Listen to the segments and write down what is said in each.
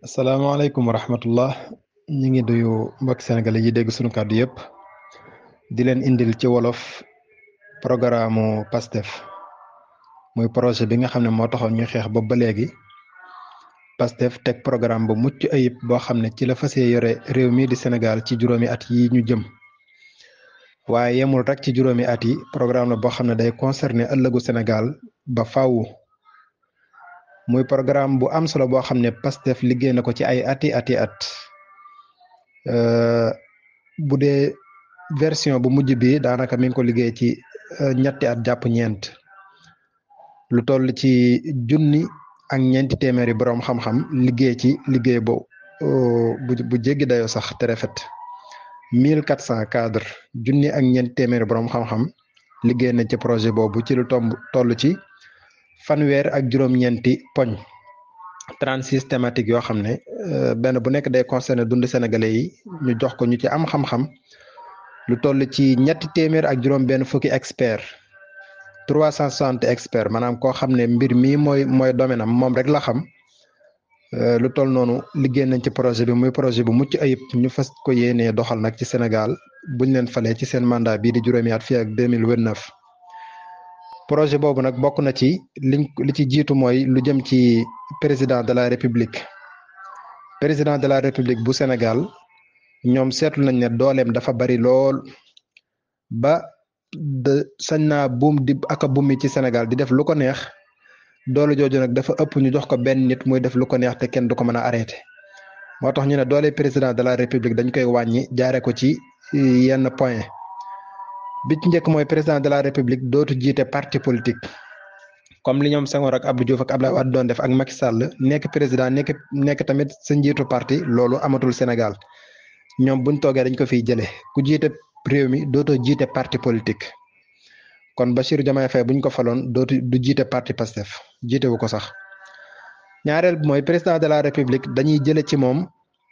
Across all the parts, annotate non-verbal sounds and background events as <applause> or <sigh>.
Assalamualaikum wa rahmatullah ñi ngi doyo mbokk sénégalais yi dégg suñu kaddu yépp di leen indil ci wolof programme pastef muy projet bi nga xam ne moo ñu xeex ba ba léegi pastef teg programme bu mucc ayib boo xam ne ci la fasee yore réew mi di sénégal ci juróomi at yi ñu jëm waaye yemul rek ci juróomi at yi programme la boo xam day concerner ëllëgu sénégal ba faawu muy programme bu am solo bo xam Pastef liggéey na ko ci ay ati ati at euh budé version bu mujj bi daanaka mi ngi ko liggéey ci euh, ñetti at japp ñent lu toll ci junni ak ñeenti téméré borom xam-xam liggéey ci liggéey bo bu jéggi dayo sax té rafet 1400 cadre junni ak ñent téméré borom xam-xam liggéey na ci projet bobu ci lu tomb toll ci fanweer ak juróom-ñeenti poñ 36 thématiques yoo xam ne euh, benn bu nekk day concerné dund sénégalais yi ñu jox ko ñu ci am xam-xam lu toll ci ñetti téeméer ak juróom-benn fukki expert 360 experts maanaam koo xam ne mbir mii mooy mooy domaine am moom rek la xam euh, lu toll noonu liggéey nañ ci projet bi muy projet bu mucc ayib ñu fas ko yéenee doxal nag ci Sénégal buñ leen falee ci seen mandat bi di juróomi at fii ak 2029. projet boobu nag bokk na ci liñ li ci jiitu mooy lu jëm ci président de la république président de la république bu Sénégal ñoom seetlu nañ ne dooleem dafa bari lool ba de sañ naa buum di ak a buumi ci Sénégal di def lu ko neex doole jooju nag dafa ëpp ñu jox ko benn nit muy def lu ko neex te kenn du ko mën a arrêté moo tax ñu ne doole président de la république dañ koy wàññi jaare ko ci eh, yenn point bi ci njëkk mooy président de la république dootu jiite parti politique comme li ñoom Senghor k Abdou Diouf ak Abdoulaye Wade doon def ak Macky Sall nekk président nekk nekk tamit sa njiitu parti loolu amatul Sénégal ñoom buñ toogee dañ ko fiy jëlee ku jiite réew mi dooto jiite parti politique kon Bassirou Diomaye Faye buñ ko faloon dootu du jiite parti Pastef jiite wu ko sax ñaareel bi mooy président de la république dañuy jële ci moom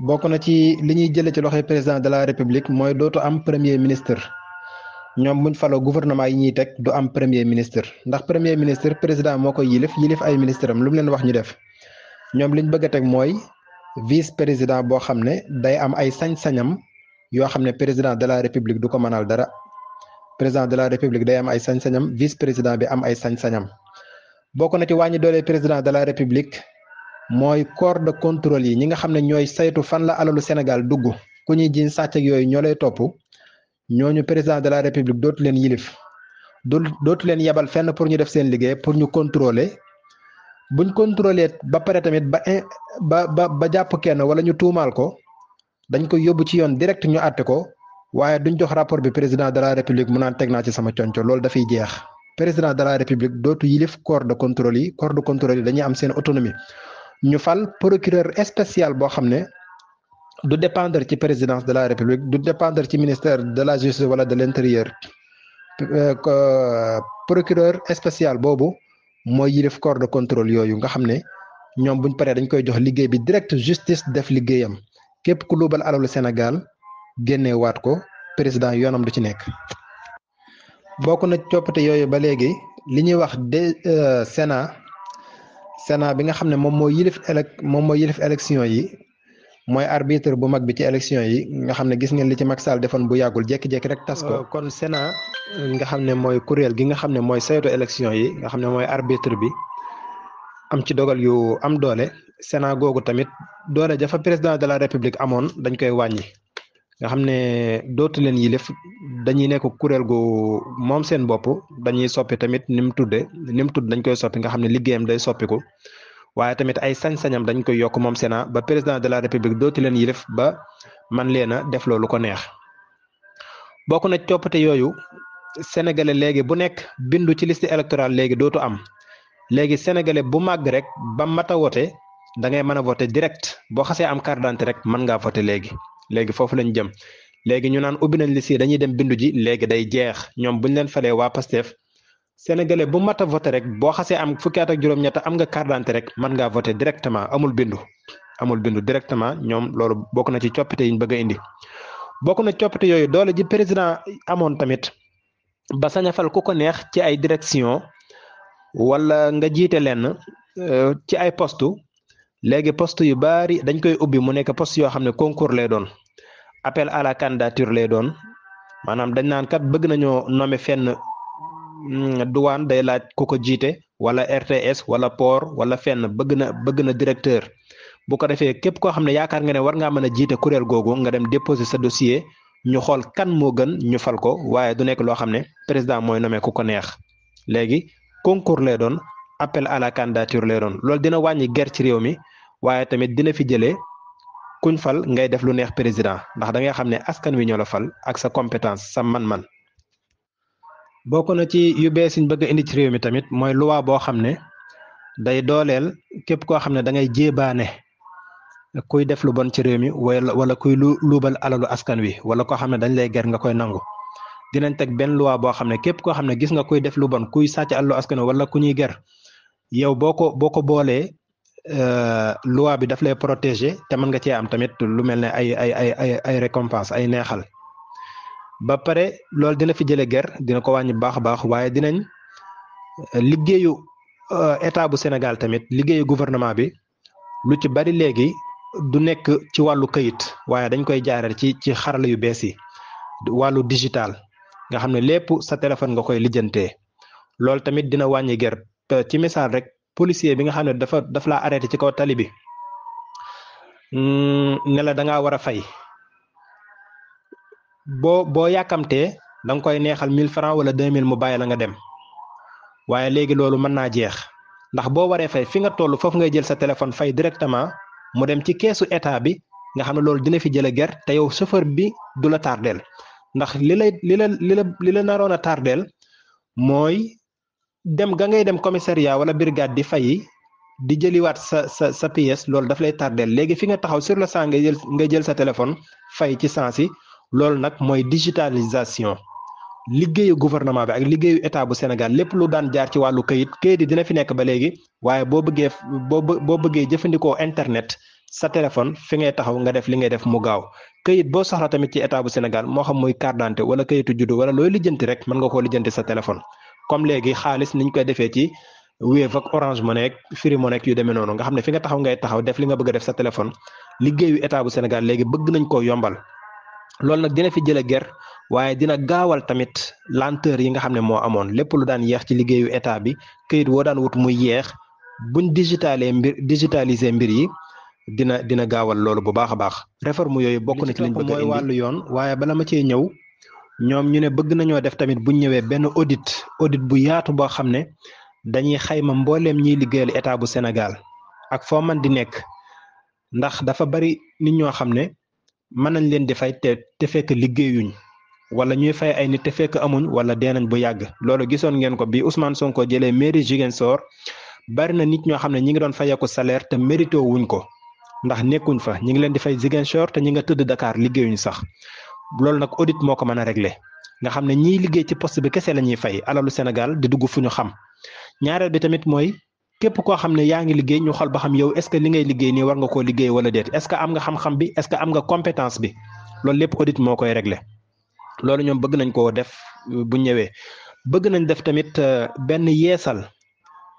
bokk na ci li ñuy jëlee ci loxoy président de la république mooy dootu am premier ministre ñoom buñ faloo gouvernement yi ñuy teg du am premier ministre ndax premier ministre président moo koy yilif yilif ay ministre am lu leen wax ñu def ñoom liñ bëgg a teg mooy vice président boo xam ne day am ay sañ-sañam yoo xam ne président de la république du ko mënal dara président de la république day am ay sañ-sañam vice président bi am ay sañ-sañam bokk ci wàññi doole président de la république mooy corps de contrôle yi ñi nga xam ne ñooy saytu fan la alalu Sénégal dugg ku ñuy jiiñ sàcc yooyu ñoo lay topp ñoo ñu président de la république dootu leen yilif dootu leen yebal fenn pour ñu def seen liggéey pour ñu contrôler buñ contrôler ba pare tamit ba ba ba ba jàpp kenn wala ñu tuumaal ko dañ koy yóbbu ci yoon direct ñu àtte ko waaye duñ jox rapport bi président de la république mu naan teg naa ci sama conco loolu dafay jeex président de la république dootu yilif corps de contrôle yi corps de yi dañuy am seen ñu fal procureur spécial bo xamné du dépendre ci présidence de la république du dépendre ci ministère de la justice wala de l'intérieur euh, euh, procureur spécial bobu moy yi def corps de contrôle yoyu nga xamné ñom ñoom buñ paree dañ koy jox liggéey bi direct justice def liggéeyam képp ku luubal le Sénégal génné wat ko président yoonam du ci nek bokku na coppite yoyu ba légui liñuy wax de euh, Sénat Sénat bi nga xam ne moom mooy yilif élec moom mooy yilif élection yi mooy arbitre bu mag bi ci élection yi nga xam ne gis ngeen li ci Macky Sall defoon bu yàggul jékki-jékki rek tas ko. Euh, kon Sénat euh, nga xam ne mooy kuréel gi nga xam ne mooy sayto élection yi nga xam ne mooy arbitre bi am ci dogal yu am doole Sénat googu tamit doole jafa président de la république amoon dañ koy wàññi. nga xam ne dootu leen yilif dañuy nekk kuréel gu moom seen bopp dañuy soppi tamit ni mu tudde ni mu tudd dañ koy soppi nga xam ne liggéeyam day soppiku waaye tamit ay sañ-sañam dañ koy yokk moom Sénat ba président de la république dootu leen yilif ba man leen a def ko neex bokk na coppite yooyu sénégalais léegi bu nekk bindu ci liste électorale léegi dootu am léegi sénégalais bu màgg rek ba mat a wote da ngay mën a voté direct boo xasee am carte d'identité rek mën ngaa voté léegi léegi foofu lañ jëm léegi ñu naan ubbi nañ liste dañuy dem bindu ji léegi day jeex ñoom buñ leen falee waa Pastef sénégalais bu mat a voté rek boo xasee am fukki at ak juróom-ñett am nga carte d'identité rek mën nga voté directement amul bindu amul bindu directement ñoom loolu bokk na ci coppite yi ñu bëgg a indi bokk na coppite yooyu doole ji président amoon tamit ba sañ a ku ko neex ci ay direction wala nga jiite lenn euh, ci ay postu léegi poste yu baari dañ koy ubbi mu nekk poste yoo xam ne concours lay doon appel à la candidature lay doon maanaam dañ naan kat bëgg nañoo nommer fenn mm, douane day laaj ku ko jiite wala RTS wala port wala fenn bëgg na bëgg na directeur bu ko defee képp koo xam ne yaakaar nga ne war ngaa mën a jiite kuréel googu nga dem déposer sa dossier ñu xool kan moo gën ñu fal ko waaye du nekk loo xam ne président mooy nommer ku ko neex léegi concours lay doon appel à la candidature lay doon loolu dina wàññi ger ci réew mi. waaye tamit dina fi jëlee kuñ fal ngay def lu neex président ndax dangay xam ne askan wi ñoo la fal ak sa compétence sa man-man bokk na ci yu bees yiñ bëgg a indi ci réew mi tamit mooy luwaa boo xam ne day dooleel képp koo xam ne da ngay jéebaane kuy def lu bon ci réew mi wala wala kuy lu luubal alalu askan wi wala koo xam ne dañ lay ger nga koy nangu dinañ teg benn luwaa boo xam ne képp koo xam ne gis nga kuy def lu bon kuy sàcc alalu askan wi wala ku ñuy ger yow boo ko boo ko boolee Euh, loi bi daf lay protéger te mën nga cee am tamit lu mel ne ay ay ay ay ay récompense ay neexal ba pare loolu dina fi jëlee ger dina ko wàññi baax a baax waaye dinañ euh, liggéeyu euh, état bu Sénégal tamit liggéeyu gouvernement bi lu ci bari léegi du nekk ci wàllu kayit waaye dañ koy jaareel ci ci xarala yu bees yi wàllu digital nga xam ne lépp sa téléphone nga koy lijjante loolu tamit dina wàññi ger ci misaal rek. policier bi nga xam ne dafa daf laa arrêté ci kaw tali bi hmm, ne la da ngaa war a fay boo boo yàkkamtee da koy neexal mille francs wala 2000 mu bàyyi la nga dem waaye léegi loolu mën naa jeex ndax boo waree fay fi nga toll foofu ngay jël sa téléphone fay directement mu dem ci keesu état bi nga xam ne loolu dina fi jële ger te yow chauffeur bi du la tardeel ndax lila lay li la li la mooy dem nga ngay dem commissariat wala brigade di fayi di jëliwaat sa sa sa pièce loolu daf lay tardeel léegi fi nga taxaw sur le champ nga jël nga jël sa téléphone fay ci sens si loolu nag mooy digitalisation liggéeyu gouvernement bi ak liggéeyu état bu Sénégal lépp lu daan jaar ci wàllu kayit kayit yi dina fi nekk ba léegi waaye boo bëggee boo boo bëggee jëfandikoo internet sa téléphone fi ngay taxaw nga def li ngay def mu gaaw kayit boo soxla tamit ci état bu Sénégal moo xam muy carte d'identité wala këyitu juddu wala looy rek mën koo lijjanti sa téléphone comme léegi xaalis niñ koy defee ci Wave ak Orange Money ak Free Money yu demee noonu nga xam ne fi nga taxaw ngay taxaw def li nga bëgg a def sa téléphone liggéeyu état bu Sénégal léegi bëgg nañ koo yombal loolu nag dina fi jëlee ger waaye dina gaawal tamit lenteur yi nga xam ne moo amoon lépp lu daan yeex ci liggéeyu état bi këyit woo daan wut muy yeex buñ digitalee mbir digitaliser mbir yi dina dina gaawal loolu bu baax a baax réforme yooyu bokk na ci lañ bëgg a wàllu yoon waaye bala ñoom ñu ne bëgg nañoo def tamit bu ñëwee benn audit audit bu yaatu boo xam ne dañuy xayma mbooleem ñiy liggéeyal état bu senegal ak foo man di nekk ndax dafa bari nit ñoo xam ne mën nañ leen di fay te te fekk liggéeyuñ wala ñuy fay ay nit te fekk amuñ wala dee bu yàgg loolu gisoon ngeen ko bi Ousmane Sonko jëlee mairie Ziguinchor bari na nit ñoo xam ne ñi ngi doon fayeeku salaire te mérito wuñ ko ndax nekkuñ fa ñi ngi leen di fay Ziguinchor te ñi nga tëdd Dakar liggéeyuñ sax lool nag audit moo ko mën a régler nga xam ne ñii liggéey ci poste bi kese lañuy ñuy fay alalu Sénégal di dugg fu ñu xam ñaareel bi tamit mooy képp koo xam ne yaa ngi liggéey ñu xool ba xam yow est-ce que li ngay liggéey nii war nga koo liggéey wala déet est-ce que am nga xam-xam bi est-ce que compétence bi loolu lépp audit moo koy régler loolu ñoom bëgg nañ koo def euh, bu ñëwee bëgg nañ def tamit euh, benn yeesal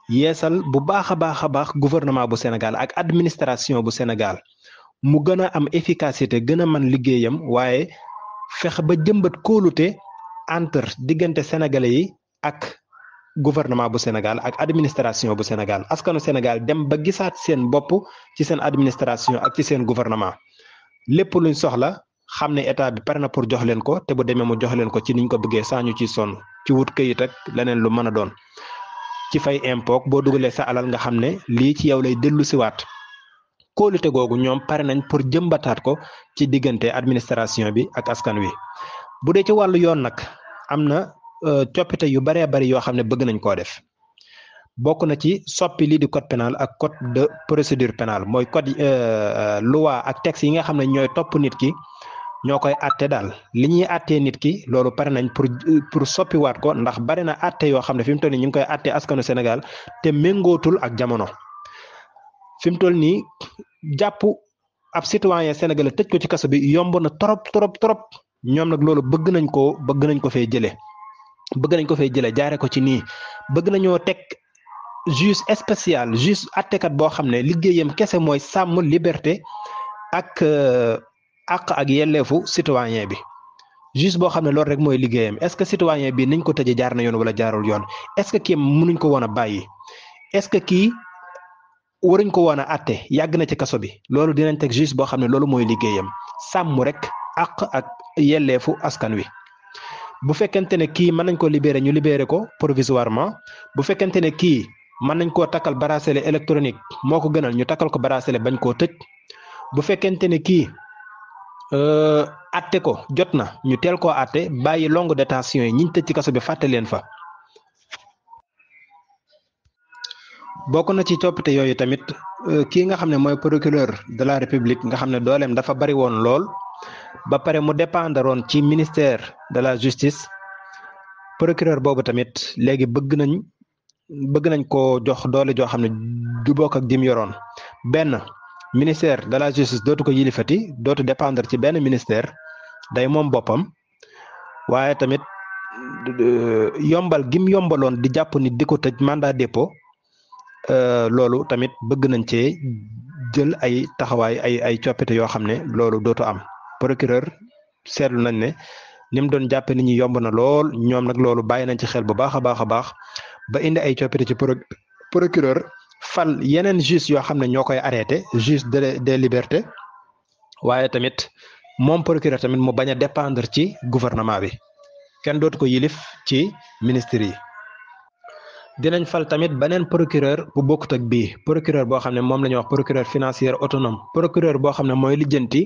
yeesal bu baax a baax a baax gouvernement bu Sénégal ak administration bu Sénégal mu gën a am efficacité gën a mën liggéeyam waaye fexe ba jëmbat te entre diggante sénégalais yi ak gouvernement bu Sénégal ak administration bu Sénégal askanu Sénégal dem ba gisaat seen bopp ci seen administration ak ci seen gouvernement lépp luñ soxla xam ne état bi pare na pour jox leen ko te bu demee mu jox leen ko ci niñ ko bëggee saa ñu ciy sonn ci wut këyit ak leneen lu mën a doon ci fay impôt boo dugalee sa alal nga xam ne lii ci yow lay dellu siwaat kóolute googu ñoom pare nañ pour jëmbataat ko ci diggante administration bi ak askan wi bu dee ci wàllu yoon nag am na euh, coppite yu baree bari yoo xam ne bëgg nañ koo def bokk na ci soppi lii di code pénal ak code de procédure pénale mooy code euh, euh, loi ak tex yi nga xam ne ñooy topp nit ki ñoo koy atte daal li ñuy attee nit ki loolu pare nañ pour pour soppiwaat ko ndax bari na atee yoo xam ne fi mu toll nii ñu ngi koy atte askanu Sénégal te méngootul ak jamono fi mu nii jàpp ab citoyen sénégalais tëj ko ci kaso bi yomb na trop trop trop ñoom nag loolu bëgg nañ ko bëgg nañ ko fee jëlee bëgg nañ ko fee jëlee jaare ko ci nii bëgg nañoo teg juge spécial juge attekat boo xam ne liggéeyam kese mooy sàmm liberté ak euh, àq ak yelleefu citoyen bi juge boo xam ne loolu rek mooy liggéeyam est-ce que citoyen bi niñ ko tëjee jaar na yoon wala jaarul yoon est-ce que kii mënuñ ko woon a bàyyi est-ce que kii waruñ ko woon a àtte yàgg na ci kaso bi loolu dinañ teg juge boo xam ne loolu mooy liggéeyam sàmmu rek àq ak yelleefu askan wi bu fekkente ne kii mën nañ ko libérer ñu libérer ko provisoirement bu fekkente ne kii mën nañ koo takkal bracelet électronique moo ko gënal ñu takkal ko bracelet bañ koo tëj bu fekkente ne kii àtte euh, ko jot na ñu teel ko àtte bàyyi longue détention yi ñiñ tëj ci kaso bi fàtte leen fa bokk na ci coppite yooyu tamit euh, kii nga xam ne mooy procureur de la république nga xam ne dooleem dafa bari woon lool ba pare mu dépendre woon ci ministère de la justice procureur boobu tamit léegi bëgg nañ bëgg nañ ko jox doole joo xam ne du bokk ak jim yoroon benn ministère de la justice dootu ko yilifati dootu dépendre ci benn ministère day moom boppam waaye tamit euh, yombal gim yombaloon di jàpp ni di ko tëj mandat dépôt Euh, loolu tamit bëgg nañ cee jël ay taxawaay ay ay coppite yoo xam ne loolu dootu am procureur seetlu nañ ne ni mu doon jàppe nit ñi yomb na lool ñoom nag loolu bàyyi nañ ci xel bu baax a baax a baax ba indi ay coppite ci procureur fal yeneen juge yoo xam ne ñoo koy arrêté juge de des libertés waaye tamit moom procureur tamit mu bañ a dépendre ci gouvernement bi kenn dootu ko yilif ci ministre yi dinañ fal tamit beneen procureur bu bokkut ak bii procureur boo xam ne moom la ñuy wax procureur financier autonome procureur boo xam ne mooy lijjanti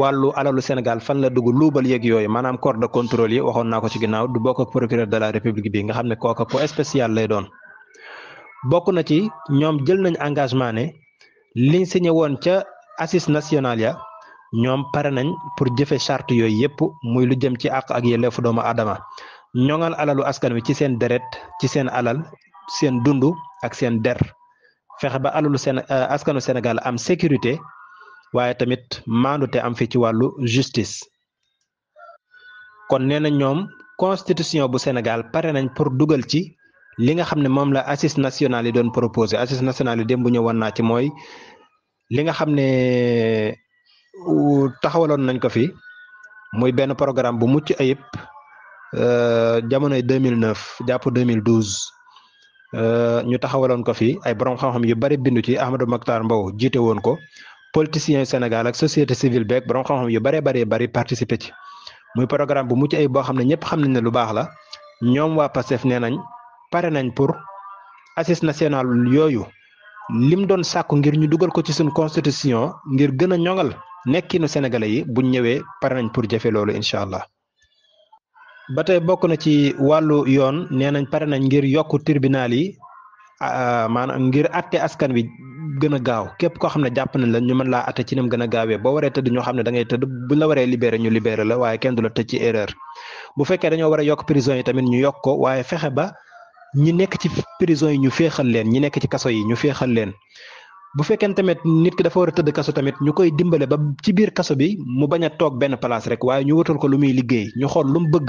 wàllu alalu Sénégal fan la dugg luubal yeeg yooyu maanaam corps de contrôle yi waxoon naa ko ci ginnaaw du bokk ak procureur de la république bi nga xam ne kooka ko spécial lay doon bokk na ci ñoom jël nañ engagement ne liñ signé woon ca assise national ya ñoom pare nañ pour jëfe charte yooyu yëpp muy lu jëm ci àq ak yelleefu doomu aadama ñongal alalu askan wi ci sen deret ci sen alal sen dundu ak sen der fexe ba alalu sen euh, askanu Sénégal am sécurité waye tamit maandute am fi ci walu justice kon nee ñom constitution bu Sénégal paré nañ pour duggal ci li nga xamné mom la assise nationale yi doon proposer assise nationale yi ñu wonna ci moy li nga xamné euh, taxawalon nañ ko fi moy ben programme bu mucc ayep Euh, jamonoy 2009 jàpp 2012 euh, ñu taxawaloon ko fi ay borom xam-xam yu bari bindu ci Ahmadou Mactar Mbow jiite woon ko politiciens Sénégal ak société civile beeg borom xam-xam yu bari bari bari participer ci muy programme bu mucc ay boo xam ne ñëpp xam nañ ne lu baax la ñoom waa Pastef nee nañ pare nañ pour assise nationale yooyu lim doon sàkku ngir ñu dugal ko ci suñ constitution ngir gën a ñoŋal nekkinu sénégalais yi buñ ñëwee pare nañ pour jëfe loolu incha allah. ba tey bokk na ci wàllu yoon nee nañ pare nañ ngir yokku tirbinal yi maanaam ngir atte askan wi gën a gaaw képp koo xam ne jàpp na la ñu mën laa atte ci nam gën a gaawee boo waree tëdd ñoo xam ne dangay ngay tëdd la waree libéré ñu libéré la waaye kenn du la tëj ci erreur bu fekkee dañoo war a yokk prison yi tamit ñu yokk waaye fexe ba ñi nekk ci prison yi ñu féexal leen ñi nekk ci kaso yi ñu féexal leen bu fekkeen tamit nit ki dafa war a tëdd kaso tamit ñu koy dimbale ba ci biir kaso bi mu bañ a toog benn place rek waaye ñu wutal ko lu muy liggéey ñu xool lu mu bëgg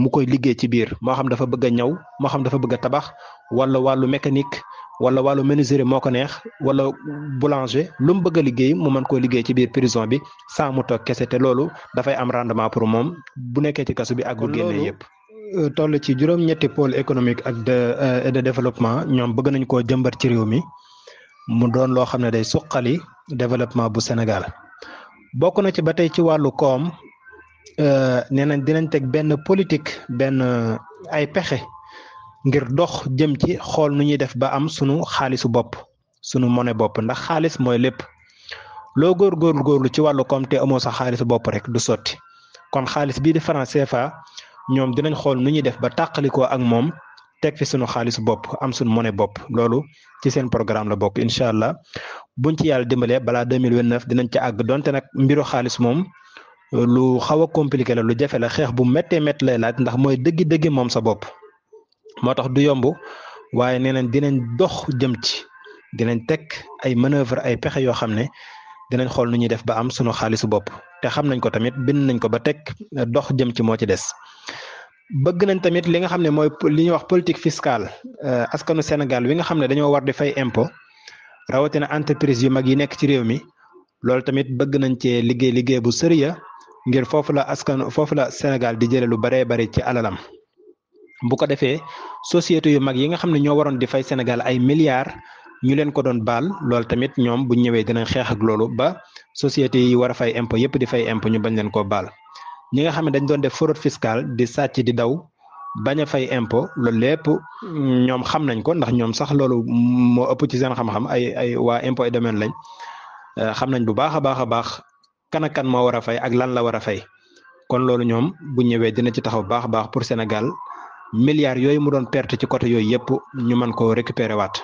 mu koy liggéey ci biir moo xam dafa bëgg a ñaw moo xam dafa bëgg a tabax wala wàllu mécanique wala wàllu menuiserie moo ko neex wala boulanger lu mu bëgg liggéey mu mën koo liggéey ci biir prison bi sans mu toog kese te loolu dafay am rendement pour moom bu nekkee ci kaso bi ak bu génnee yëpp. Euh, toll ci juróom-ñetti pôle économique ak euh, de développement ñoom bëgg nañu koo jëmbat ci réew mi. mu doon loo xam ne day suqali développement bu senegal bokk na ci ba tey ci wàllu koom euh, nee nañ dinañ teg benn politique benn euh, ay pexe ngir dox jëm ci xool nu ñuy def ba am sunu xaalisu bopp sunu monnaie bopp ndax xaalis mooy lépp loo góorgóorlu góorlu ci wàllu koom te amoo sa xaalisu bopp rek du sotti kon xaalis bii di franc CFA ñoom dinañ xool nu ñuy def ba tàqalikoo ak moom. tek fi sunu xaaliss bopp am sunu monnaie bopp loolu ci seen programme la bokk incha allah buñ ci yàlla dimbalee balaa 2029 dinañ ci àgg donte nag mbiru xaalis moom lu xaw a compliqué la lu jafe la xeex bu méttee métt lay laaj ndax mooy dëgg-dëgg moom sa bopp moo tax du yomb waaye nee nañ dinañ dox jëm ci dinañ teg ay manœuvre ay pexe yoo xam ne dinañ xool nu ñuy def ba am sunu xaalisu bopp te xam nañ ko tamit bind nañ ko ba teg dox jëm ci moo ci des bëgg nañ tamit li nga xam ne mooy li ñuy wax politique fiscale euh, askanu Sénégal wi nga xam ne dañoo war di fay impôt rawatina entreprise yu mag yi nekk ci réew mi loolu tamit bëgg nañ cee liggéey liggéey bu sëriya ngir foofu la askan foofu la Sénégal di jëlee lu baree ci alalam bu ko defee société yu mag yi nga xam ne ñoo waroon di fay Sénégal ay milliards ñu leen ko doon baal loolu tamit ñoom bu ñëwee dinañ xeex ak loolu ba société yi war a fay impôt yépp di fay impôt ñu bañ leen koo baal ñi nga xam ne dañ doon def fraude fiscale di sàcc di daw bañ a fay impôt loolu lépp mm, ñoom xam nañ ko ndax ñoom sax loolu moo ëpp ci seen xam-xam ay ay waa impôt et domaine lañ euh, xam nañ bu baax a baax a baax kan ak kan moo war a fay ak lan la war a fay kon loolu ñoom bu ñëwee dina ci taxaw baax a baax pour Sénégal milliards yooyu mu doon perte ci côté yooyu yëpp ñu mën koo récupérer waat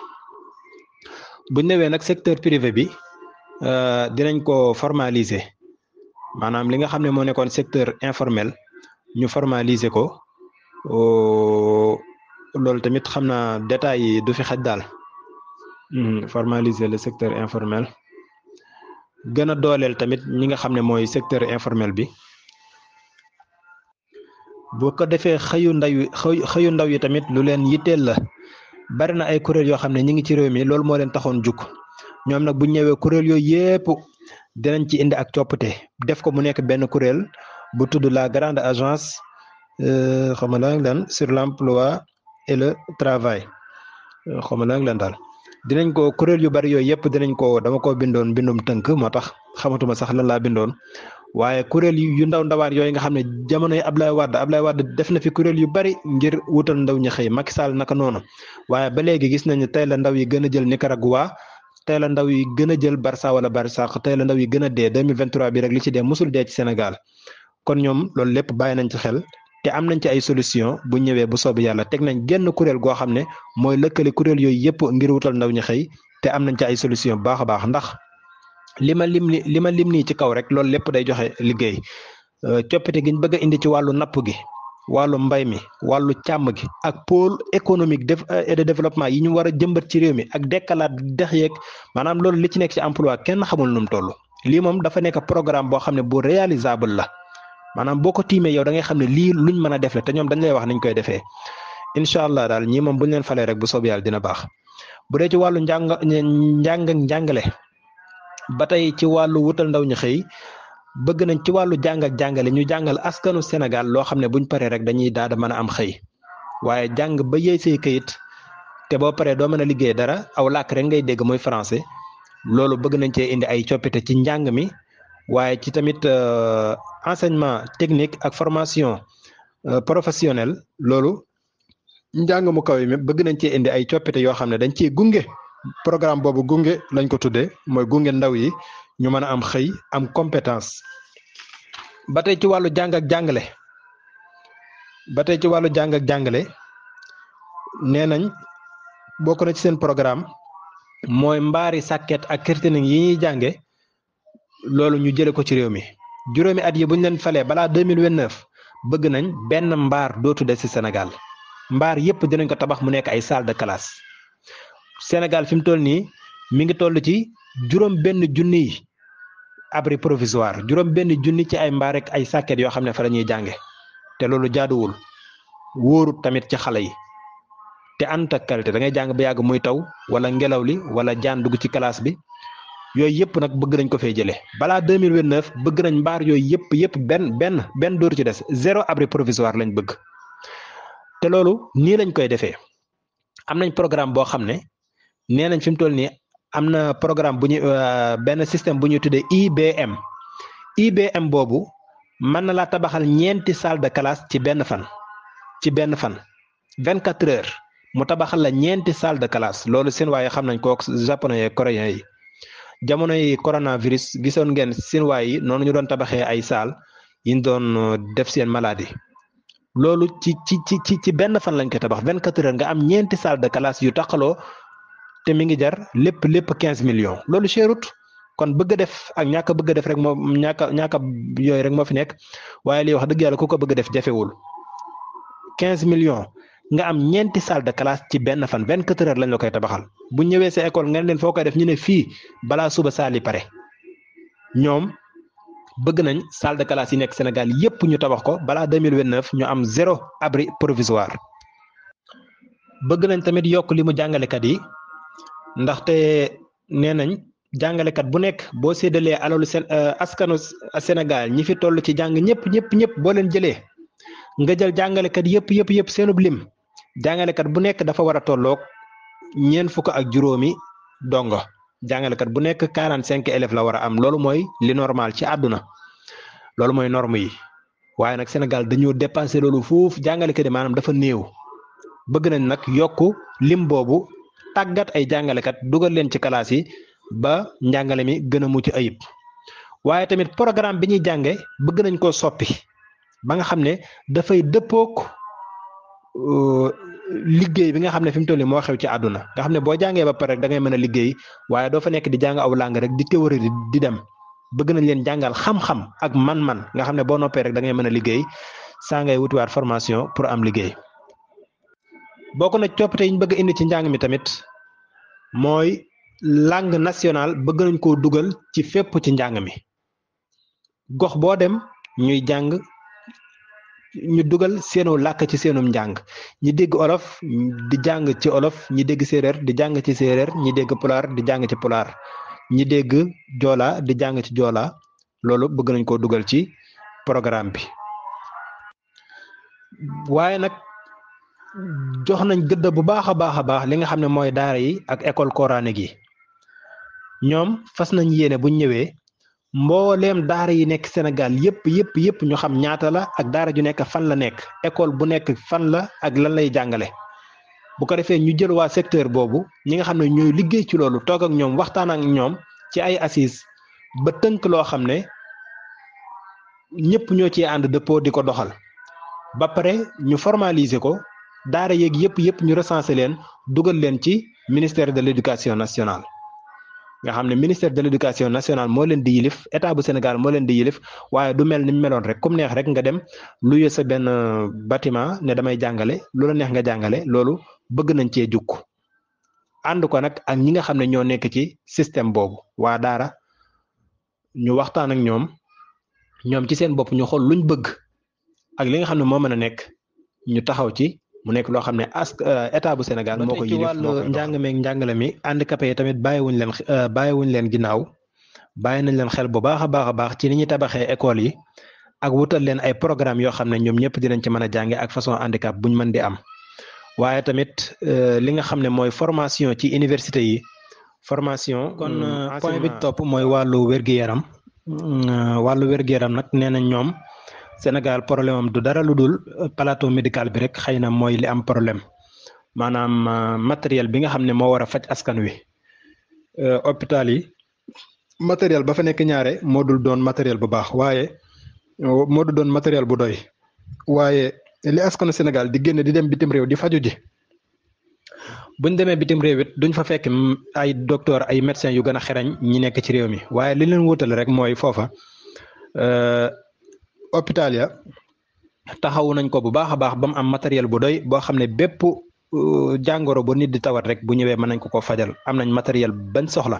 bu ñëwee nag secteur privé bi euh, dinañ ko formaliser. maanaam li nga xam ne moo nekkoon secteur informel ñu formaliser ko loolu tamit xam naa détails yi du fi xaj daal mm-hmm. formaliser le secteur informel gën a dooleel tamit ñi nga xam ne mooy secteur informel bi boo ko defee xëyu ndaw yi xëyu ndaw yi tamit lu leen yitteel la bari na ay kuréel yoo xam ne ñi ngi ci réew mi loolu moo leen taxoon jukk ñoom nag bu ñëwee kuréel yooyu yépp dinañ ci indi ak coppite def ko mu nekk benn kuréel bu tudd la grande agence euh, xam nga lan sur l'emploi et le travail euh, xam nga lan daal dinañ ko kuréel yu bari yooyu yëpp dinañ ko dama ko bindoon bindum tënk moo tax xamatuma sax lan laa bindoon waaye kuréel yu ndaw ndawaan yooyu nga xam ne jamonoy Ablaye Wade Ablaye Wade def na fi kuréel yu bari ngir wutal ndaw ñi xëy Macky Sall naka noonu waaye ba léegi gis nañu tey la ndaw yi gën a jël Nicaragua tey la ndaw yi gën a jël Barça wala Barça tey la ndaw yi gën a dee 2023 bi rek li ci dee mosul dee ci Sénégal kon ñoom loolu lépp bàyyi nañ ci xel te am nañ ci ay solution bu ñëwee bu soobu yàlla teg nañ genn kuréel goo xam ne mooy lëkkale kuréel yooyu yëpp ngir wutal ndaw ñi xëy te am nañ ci ay solution baax a baax ndax li ma lim ni li ma lim nii ci kaw rek loolu lépp day joxe liggéey euh, coppite giñ bëgg a indi ci wàllu napp gi wàllu mbay mi wàllu càmm gi ak pôle économique def euh, et de développement yi ñu war a jëmbat ci réew mi ak dekkalaat dex yeeg maanaam loolu li ci nekk ci emploi kenn xamul nu mu toll lii moom dafa nekk programme boo xam ne bu réalisable la maanaam boo ko tiimee yow da ngay xam ne lii luñ mën a def te ñoom dañ lay wax niñ koy defee incha allah daal ñii moom buñ leen falee rek bu soob yàlla dina baax bu dee ci wàllu njàng njàng ak njàngale ba tey ci wàllu wutal ndaw ñu xëy bëgg nañ ci wàllu jàng jàngale ñu jàngal askanu Sénégal loo xam ne buñ paree rek dañuy daal di mën a am xëy waaye jàng ba yey say kayit te boo paree doo mën a liggéey dara aw làkk rek ngay dégg muy français loolu bëgg nañ cee indi ay coppite ci njàng mi waaye ci tamit euh, enseignement technique ak formation euh, professionnelle loolu njàng mu kaw mi bëgg nañ cee indi ay coppite yoo xam ne dañ ciy gunge programme boobu gunge lañ ko tuddee mooy gunge ndaw yi ñu mën a am xëy am compétence ba ci wàllu jàng ak jàngale ba tey ci wàllu jàng ak jàngale nee nañ bokk na ci seen programme mooy mbaari sàkket ak kirtining yi ñuy jànge loolu ñu jële ko ci réew mi juróomi at yi bu ñu leen falee balaa 2029 bëgg nañ benn mbaar dootu de ci Sénégal mbaar yépp dinañ ko tabax mu nekk ay salle de kalaas Sénégal fi toll nii mi ngi toll ci juróom benn junni abri provisoire juróom benn junni ci ay mbaar ak ay sàkket yoo xam ne fa la ñuy jànge te loolu jaaduwul wóorut tamit ci xale yi te anta ak qualité da ngay jàng ba yàgg muy taw wala ngelaw li wala jaan dugg ci classe bi yooyu yëpp nag bëgg nañ ko fay jëlee balaa 2029 bëgg nañ mbaar yooyu yëpp yëpp benn benn benn ci des zéro abri provisoire lañ bëgg te loolu nii lañ koy defee am nañ programme boo xam ne nee nañ am na programme bu ñu euh, benn système bu ñu tuddee IBM IBM boobu mën na laa tabaxal ñeenti salle de classe ci benn fan ci benn fan vingt quatre heures mu tabaxal la ñeenti salle de classe loolu seen waaye xam nañ ko japonais yeeg coréens yi jamono yi coronavirus gisoon ngeen seen yi noonu ñu doon tabaxee ay saal yi ñu doon euh, def seen maladie loolu ci ci ci ci benn fan lañ koy tabax vingt quatre heures nga am ñeenti salle de classe yu taqaloo te mi ngi jar lépp lépp 15 millions loolu cherut kon bëgg def ak ñàkk bëgg def rek moo ñàkk a ñàkk yooyu rek moo fi nekk waaye li wax dëgg yàlla ku ko bëgg def jafewul 15 millions nga am ñeenti salle de classe ci benn fan 24 heures lañ la koy tabaxal bu ñëwee sa école ngeen leen foo koy def ñu ne fii balaa suba saal yi pare ñoom bëgg nañ salle de classe yi nekk Sénégal yépp ñu tabax ko balaa 2029 ñu am zéro abri provisoire bëgg nañ tamit yokk li mu jàngalekat yi ndaxte nee nañ jàngalekat bu nekk boo séddalee alalu sen euh, askanu Sénégal ñi fi toll ci jàng ñëpp ñëpp ñëpp boo leen jëlee nga jël jàngalekat yépp yépp yépp seenub lim jàngalekat bu nekk dafa wara a tolloog ñeen fukk ak juróomi dongo jàngalekat bu nekk quarante cinq la war a am loolu mooy li normal ci àdduna loolu mooy norme yi waaye nag Sénégal dañoo dépassé loolu foofu jàngalekat yi maanaam dafa néew bëgg nañ nag yokku lim boobu tagat ay kat dugal len ci classe yi ba njangale mi gëna mu ci ayib waye tamit programme biñu jangé bëgg nañ ko soppi ba nga xam ne dafay dëppook euh, liggéey bi nga xamné fimu fi mo xew ci aduna nga xamné bo jangé ba perak, da ngay mëna liggéey waye do fa nek di jang aw langue rek di théorie di dem bëgg nañ leen jangal xam-xam ak man-man nga xamné bo noppé rek da ngay mëna liggéey sa ngay formation pour am liggéey bokk na coppite yi ñu bëgg indi ci njàng mi tamit mooy langue nationale bëgg nañ koo dugal ci fépp ci njàng mi gox boo dem ñuy jàng ñu dugal seenu làkk ci seenum njàng ñi dégg olof di jàng ci olof ñi dégg séeréer di jàng ci séeréer ñi dégg pulaar di jàng ci pulaar ñi dégg joola di jàng ci joola loolu bëgg nañ koo dugal ci programme bi waaye nag jox nañ gëdd bu baax a baax a baax li nga xam ne mooy daara yi ak école coranique yi ñoom fas nañ yéene buñ ñëwee mbooleem daara yi nekk Sénégal yëpp yëpp yëpp ñu xam ñaata la ak daara ju nekk fan la nekk école bu nekk fan la ak lan lay jàngale bu ko defee ñu jël waa secteur boobu ñi nga xam ne ñuy liggéey ci loolu toog ak ñoom waxtaan ak ñoom ci ay assises ba tënk loo xam ne ñëpp ñoo ciy ànd dëppoo di ko doxal ba pare ñu formaliser ko daara yeeg yëpp yëpp ñu recensé leen dugal leen ci ministère de l' éducation nationale nga xam ne ministère de l' éducation nationale moo leen di yilif état bu Sénégal moo leen di yilif waaye du mel ni mu meloon rek comme neex rek nga dem lu sa benn euh, bâtiment ne damay jàngale loola neex nga jàngale loolu bëgg nañ cee jukk ànd ko nag ak ñi nga xam ne ñoo nekk ci système boobu waa daara ñu waxtaan ak ñoom ñoom ci seen bopp ñu xool lu ñu bëgg ak li nga xam ne moo mën a nekk ñu taxaw ci mu nekk loo xam ne ask euh, état bu Sénégal moo ko yilif moo ko njàng meeg njàngale mi handicapé yi tamit bàyyiwuñ leen euh, bàyyiwuñ leen ginnaaw bàyyi nañ leen xel bu baax a baax a baax ci ni ñuy tabaxee école yi ak wutal leen ay programme yoo xam ne ñoom ñëpp dinañ ci mën a jànge ak façon handicap buñ man di am waaye tamit euh, li nga xam ne mooy formation ci université yi formation kon hmm, point bi topp mooy wàllu wér-gu-yaram hmm, wàllu wér yaram nag nee na ñoom Sénégal problème du dara lu dul euh, plateau médical bi rek xëy na mooy li am problème maanaam euh, matériel bi nga xam ne moo war a faj askan wi euh, hôpital yi matériel ba fa nekk ñaare moo dul doon matériel bu baax waaye moo dul doon matériel bu doy waaye li askanu Sénégal di génn di dem bitim réew di faju ji buñ demee bitim réew it duñ fa fekk ay docteur ay médecins yu gën a xereñ ñi nekk ci réew mi waaye li leen wutale rek mooy foofa. hôpital ya taxawu nañ ko bu baax a baax ba mu am matériel bu doy boo xam ne bépp euh, jàngoro bu nit di tawat rek bu ñëwee mën nañ ko ko fajal am nañ matériel bañ soxla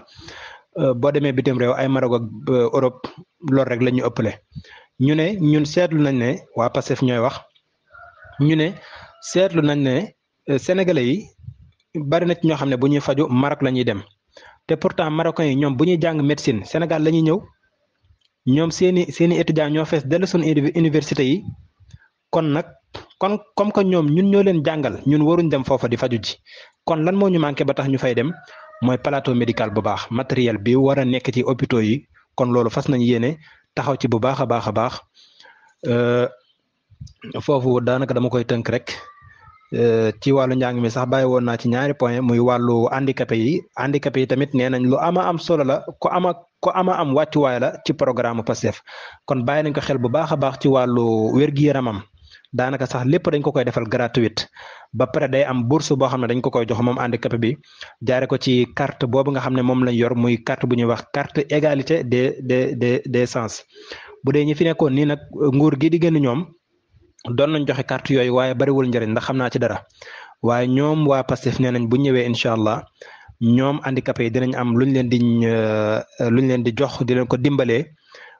euh, boo demee bitim réew ay Maroc ak euh, Europe loolu rek la ñu ëppale ñu ne ñun seetlu nañ ne waa Pastef ñooy wax ñu ne seetlu nañ ne sénégalais yi bari na ci ñoo xam ne bu ñuy faju Maroc la ñuy dem te pourtant marocains yi ñoom bu ñuy jàng médecine Sénégal lañuy ñëw ñoom seeni seeni étudiants ñoo fees dellu suñu université yi kon nag kon comme que ñoom ñun ñoo leen jàngal ñun waruñ dem foofa di faju ji kon lan moo ñu manqué ba tax ñu fay dem mooy plateau médical bu baax matériel bi war a nekk ci hôpitaux yi kon loolu fas nañ yéene taxaw ci bu baax a baax a baax foofu daanaka dama koy tënk rek ci wàllu njàng mi sax bàyyi woon naa ci ñaari point muy wàllu handicapé yi handicapé yi tamit nee nañ lu ama am solo la ku ama ko ama am wàccuwaay la ci programme Pastef kon bàyyi nañ ko xel bu baax a baax ci wàllu wér-gi-yaramam daanaka sax lépp dañ ko koy defal gratuite ba pare day am bourse boo xam ne dañ ko koy jox moom handicapé bi jaare ko ci carte boobu nga xam ne moom lañ yor muy carte bu ñuy wax carte égalité de de de des chances bu dee ñi fi nekkoon nii nag nguur gi di génn ñoom doon nañ joxe carte yooyu waaye bariwul njëriñ ndax xam naa ci dara waaye ñoom waa Pastef nee nañ bu ñoom handicapé yi dinañ am luñ leen di euh, luñ leen di jox di leen ko dimbalee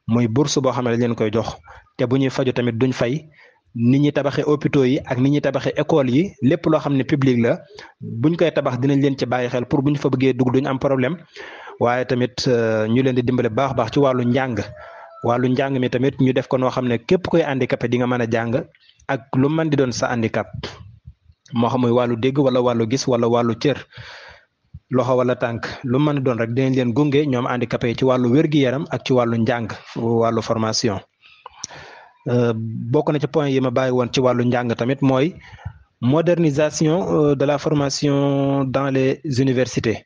muy bourse boo xam ne dañ leen koy jox te bu ñuy faju tamit duñ fay nit ñi tabaxee hôpitaux yi ak nit ñi tabaxee école yi lépp loo xam ne public la buñ koy tabax dinañ leen ci bàyyi xel pour buñ fa bëggee dugg duñ am problème waaye tamit euh, ñu leen di dimbale baax baax ci wàllu njàng wàllu njàng mi tamit ñu def ko noo xam ne képp koy handicapé di nga mën a jàng ak lu mën di doon sa handicap moo xam muy wàllu dégg wala wàllu gis wala wàllu cër loxo wala tànk lu mën a doon rek dinañ leen gunge ñoom handicapé yi ci wàllu wér-gi-yaram ak ci wàllu njàng wàllu formation euh, bokk na ci point yi ma bàyyi woon ci wàllu njàng tamit mooy modernisation euh, de la formation dans les universités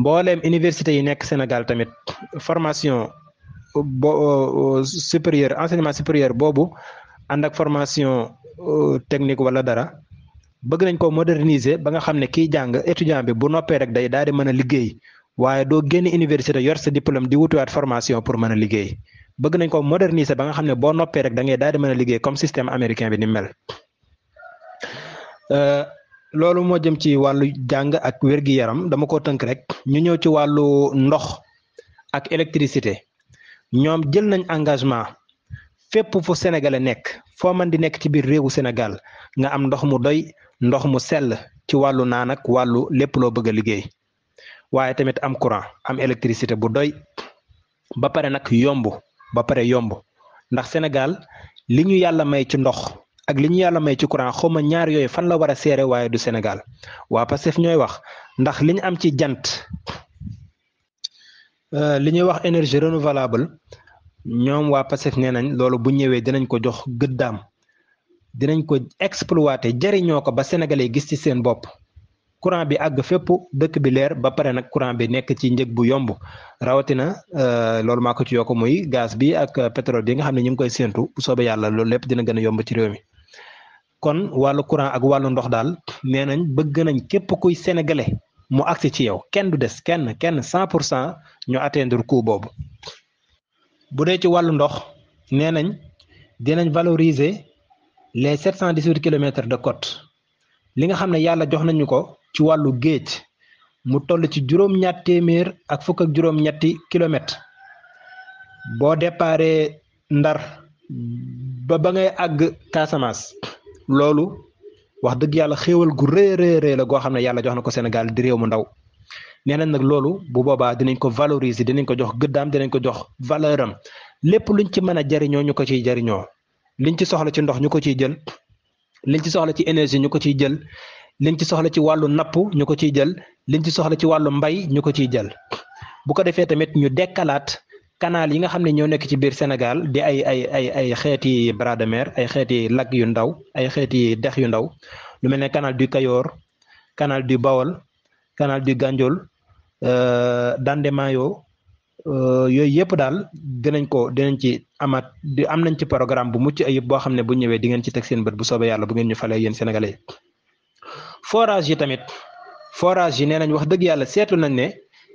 mbooleem université yi nekk Sénégal tamit formation bo euh, supérieure enseignement supérieur boobu ànd ak formation technique wala dara bëgg nañ ko moderniser ba nga xam ne kiy jàng étudiant bi bu noppee rek day daal di mën a liggéey waaye doo génn université yor sa diplôme di wutiwaat formation pour mën a liggéey bëgg nañ ko moderniser ba nga xam ne boo noppee rek da ngay daal di mën a liggéey comme système américain bi ni mel euh, loolu moo jëm ci wàllu jàng ak wér-gi-yaram dama ko tënk rek ñu ñëw ci wàllu ndox ak électricité ñoom jël nañ engagement fépp fu Sénégalais nekk foo man di nekk ci biir réewu Sénégal nga am ndox mu doy ndox mu sell ci wàllu naan ak wàllu lépp loo bëgg liggéey waaye tamit am courant am électricité bu doy ba pare nag yomb ba pare yomb ndax Sénégal li ñu yàlla may ci ndox ak li ñu yàlla may ci courant xawma ñaar yooyu fan la war a seere waaye du Sénégal waa Pastef ñooy wax ndax li ñu am ci jant euh, li ñuy wax énergie renouvelable ñoom waa Pastef nee nañ loolu bu ñëwee dinañ ko jox gëddaam dinañ ko exploiter jariñoo ko ba sénégalais gis ci seen bopp courant bi àgg fépp dëkk bi leer ba pare nag courant bi nekk ci njëg bu yomb rawatina euh, loolu maa ko ci yokk muy gaz bi ak euh, pétrole bi nga xam ne ñu ngi koy séntu bu soobee yàlla loolu lépp dina gën a yomb ci réew mi. kon wàllu courant ak wàllu ndox daal nee nañ bëgg nañ képp kuy sénégalais mu agsi ci yow kenn du des kenn kenn cent pour cent ñu atteindre ku boobu bu dee ci wàllu ndox nee nañ dinañ valoriser. les sept cent dix huit kilomètres de côte li nga xam ne yàlla jox nañu ko ci wàllu géej mu toll ci juróom-ñaat téeméer ak fukk ak juróom-ñetti boo déparé ndar ba ba ngay àgg Casamance loolu wax dëgg yàlla xéewal gu rëy rëy la goo xam ne yàlla jox na ko Sénégal di réew mu ndaw nee nag loolu bu boobaa dinañ ko valoriser dinañ ko jox gëddaam dinañ ko jox valeur am lépp luñ ci mën a jariñoo ñu ko ciy jariñoo liñ ci soxla ci ndox ñu ko ci jël liñ ci soxla ci énergie ñu ko ciy jël liñ ci soxla ci wàllu napp ñu ko ciy jël liñ ci soxla ci wàllu mbay ñu ko ci jël bu ko defee tamit ñu dekkalaat kanaal yi nga xam ne ñoo nekk ci biir Sénégal di ay ay ay ay xeeti bras ay xeeti lac yu ndaw ay xeeti dex yu ndaw lu mel ne canal du Kayor canal du Bawol canal du Gandiol euh, Dandemayo euh, yooyu yëpp daal dinañ ko dinañ ci amaat am nañ ci programme bu mucc ayib boo xam ne bu ñëwee di ngeen ci teg seen bët bu soobee yàlla bu ngeen ñu falee yéen sénégalais yi forage yi tamit forage yi nee nañ wax dëgg yàlla seetu nañ ne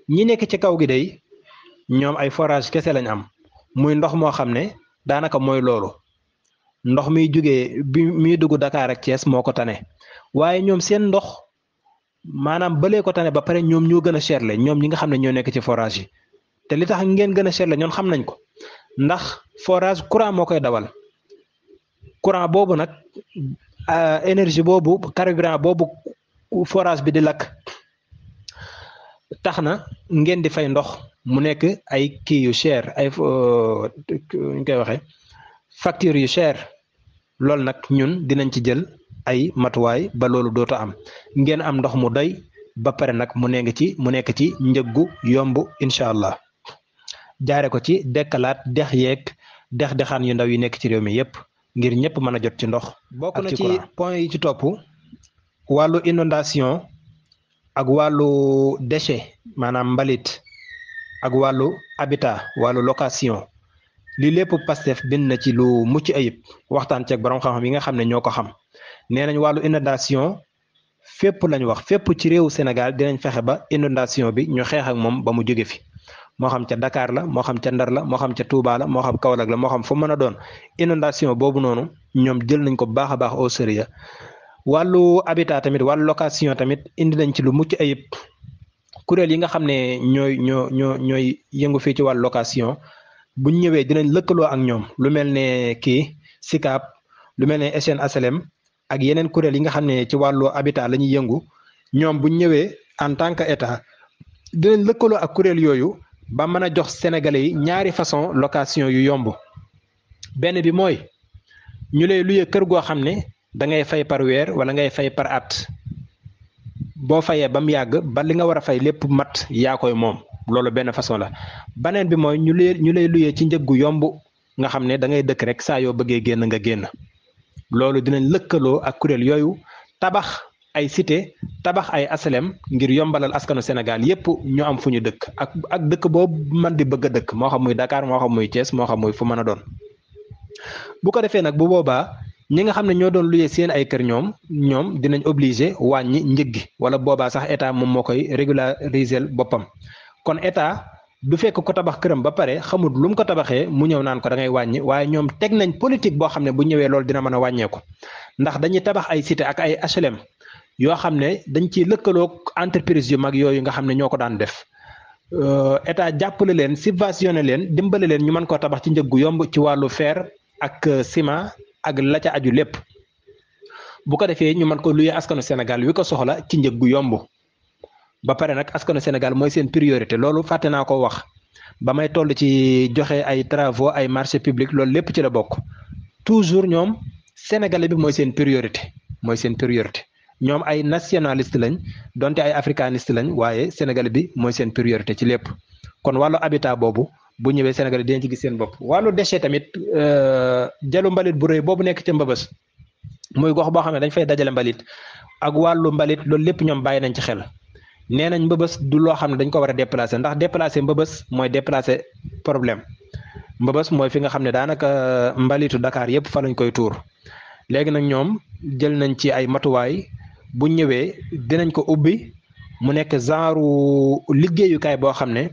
ñi nekk ci kaw gi day ñoom ay forage kese lañ am muy ndox moo xam ne daanaka mooy loolu ndox miy jógee bi muy dugg Dakar ak Thiès moo ko tane waaye ñoom seen ndox maanaam balee ko tane ba pare ñoom ñoo gën a cherle ñoom ñi nga xam ne ñoo nekk ci forage yi te li tax ngeen gën a cherle ñoom xam nañ ko forage courant moo koy dawal courant boobu nag euh, énergie boobu carburant boobu forage bi di lakk tax na ngeen di fay ndox mu nekk ay kii yu cher ay euh, ñu koy waxee facture yu cher loolu nag ñun dinañ ci jël ay matuwaay ba loolu doota am ngeen am ndox mu day ba pare nag mu nekk ci mu nekk ci njëggu yomb incha allah jaare ko ci dekkalaat dex yeek dex dexaan yu ndaw yu nekk ci réew mi yëpp ngir ñëpp mën a jot ci ndox. bokk na ci point yi ci topp wàllu inondation ak wàllu déchet maanaam mbalit ak wàllu habitat wàllu location li lépp Pastef bind na ci lu mucc ayib waxtaan ceeg borom xam-xam yi nga xam ne ñoo ko xam nee nañ wàllu inondation. fépp lañ wax fépp ci réewu Sénégal dinañ fexe ba inondation bi ñu xeex ak moom ba mu jóge fi moo xam ca Dakar la moo xam ca Ndar la moo xam ca Touba la moo xam Kaolack la moo xam fu mën a doon inondation boobu noonu ñoom jël nañ ko baax a baax au wàllu habitat tamit wàllu location tamit indi nañ ci lu mucc ayib kuréel yi nga xam ne ñooy ñoo ñoo ñooy yëngu fii ci wàllu location buñ ñëwee dinañ lëkkaloo ak ñoom lu mel ne kii SICAP lu mel ne SN HLM ak yeneen kuréel yi nga xam ne ci wàllu habitat la ñuy yëngu ñoom buñ ñëwee en tant que état dinañ lëkkaloo ak kuréel yooyu ba mën a jox sénégalais yi ñaari façon location yu yomb benn bi mooy ñu lay luye kër goo xam ne da ngay fay par weer wala ngay fay par at boo fayee ba mu yàgg ba li nga war a fay lépp mat yaa koy moom loolu benn façon la beneen bi mooy ñu lay ñu lay luyee ci njëg yomb nga xam ne dangay dëkk rek saa yoo bëggee génn nga génn loolu dinañ lëkkaloo ak kuréel yooyu tabax ay cité tabax ay aslem ngir yombalal askanu Sénégal yépp ñu am fu ñu dëkk ak ak dëkk boobu man di bëgg a dëkk moo xam muy Dakar moo xam muy Thiès moo xam muy fu mën a doon bu ko defee nag bu boobaa ñi nga xam ne ñoo doon luyee seen ay kër ñoom ñoom dinañ obligé wàññi njëg gi wala boobaa sax état moom moo koy régulariser boppam kon état du fekk ko tabax këram ba pare xamul lu mu ko tabaxee mu ñëw naan ko da ngay wàññi waaye ñoom teg nañ politique boo xam ne bu ñëwee loolu dina mën a wàññeeku ndax dañuy tabax ay cité ak ay HLM yoo xam ne dañ ciy lëkkaloog entreprise yu mag yooyu nga xam ne ñoo ko daan def euh, état jàppale leen subventionné leen dimbale leen ñu man koo tabax ci njëg gu yomb ci wàllu feer ak euh, ciment ak la aju lépp bu ko defee ñu mën ko luye askanu Sénégal wi ko soxla ci njëg gu yomb ba pare nag askanu Sénégal mooy seen priorité loolu fàtte naa ko wax ba may toll ci joxe ay travaux ay marché public loolu lépp ci la bokk toujours ñoom Sénégalais bi mooy seen priorité mooy seen priorité. ñoom ay nationaliste lañ donte ay africaniste lañ waaye sénégalais bi mooy seen priorité ci lépp kon wàllu habitat boobu bu ñëwee sénégalais dañ ci gis seen bopp wàllu déchet tamit euh, jalu mbalit bu rëy boobu nekk ca mbëbës muy gox boo xam ne dañ fay dajale mbalit ak wàllu mbalit loolu lépp ñoom bàyyi nañ ci xel nee nañ mbëbës du loo xam ne dañ ko war a déplacer ndax déplacer mbëbës mooy déplacer problème mbëbës mooy fi nga xam ne daanaka euh, mbalitu Dakar yëpp fa lañ koy tuur léegi nag ñoom jël nañ ci ay matuwaay bu ñëwee dinañ ko ubbi mu nekk genre liggéeyukaay boo xam ne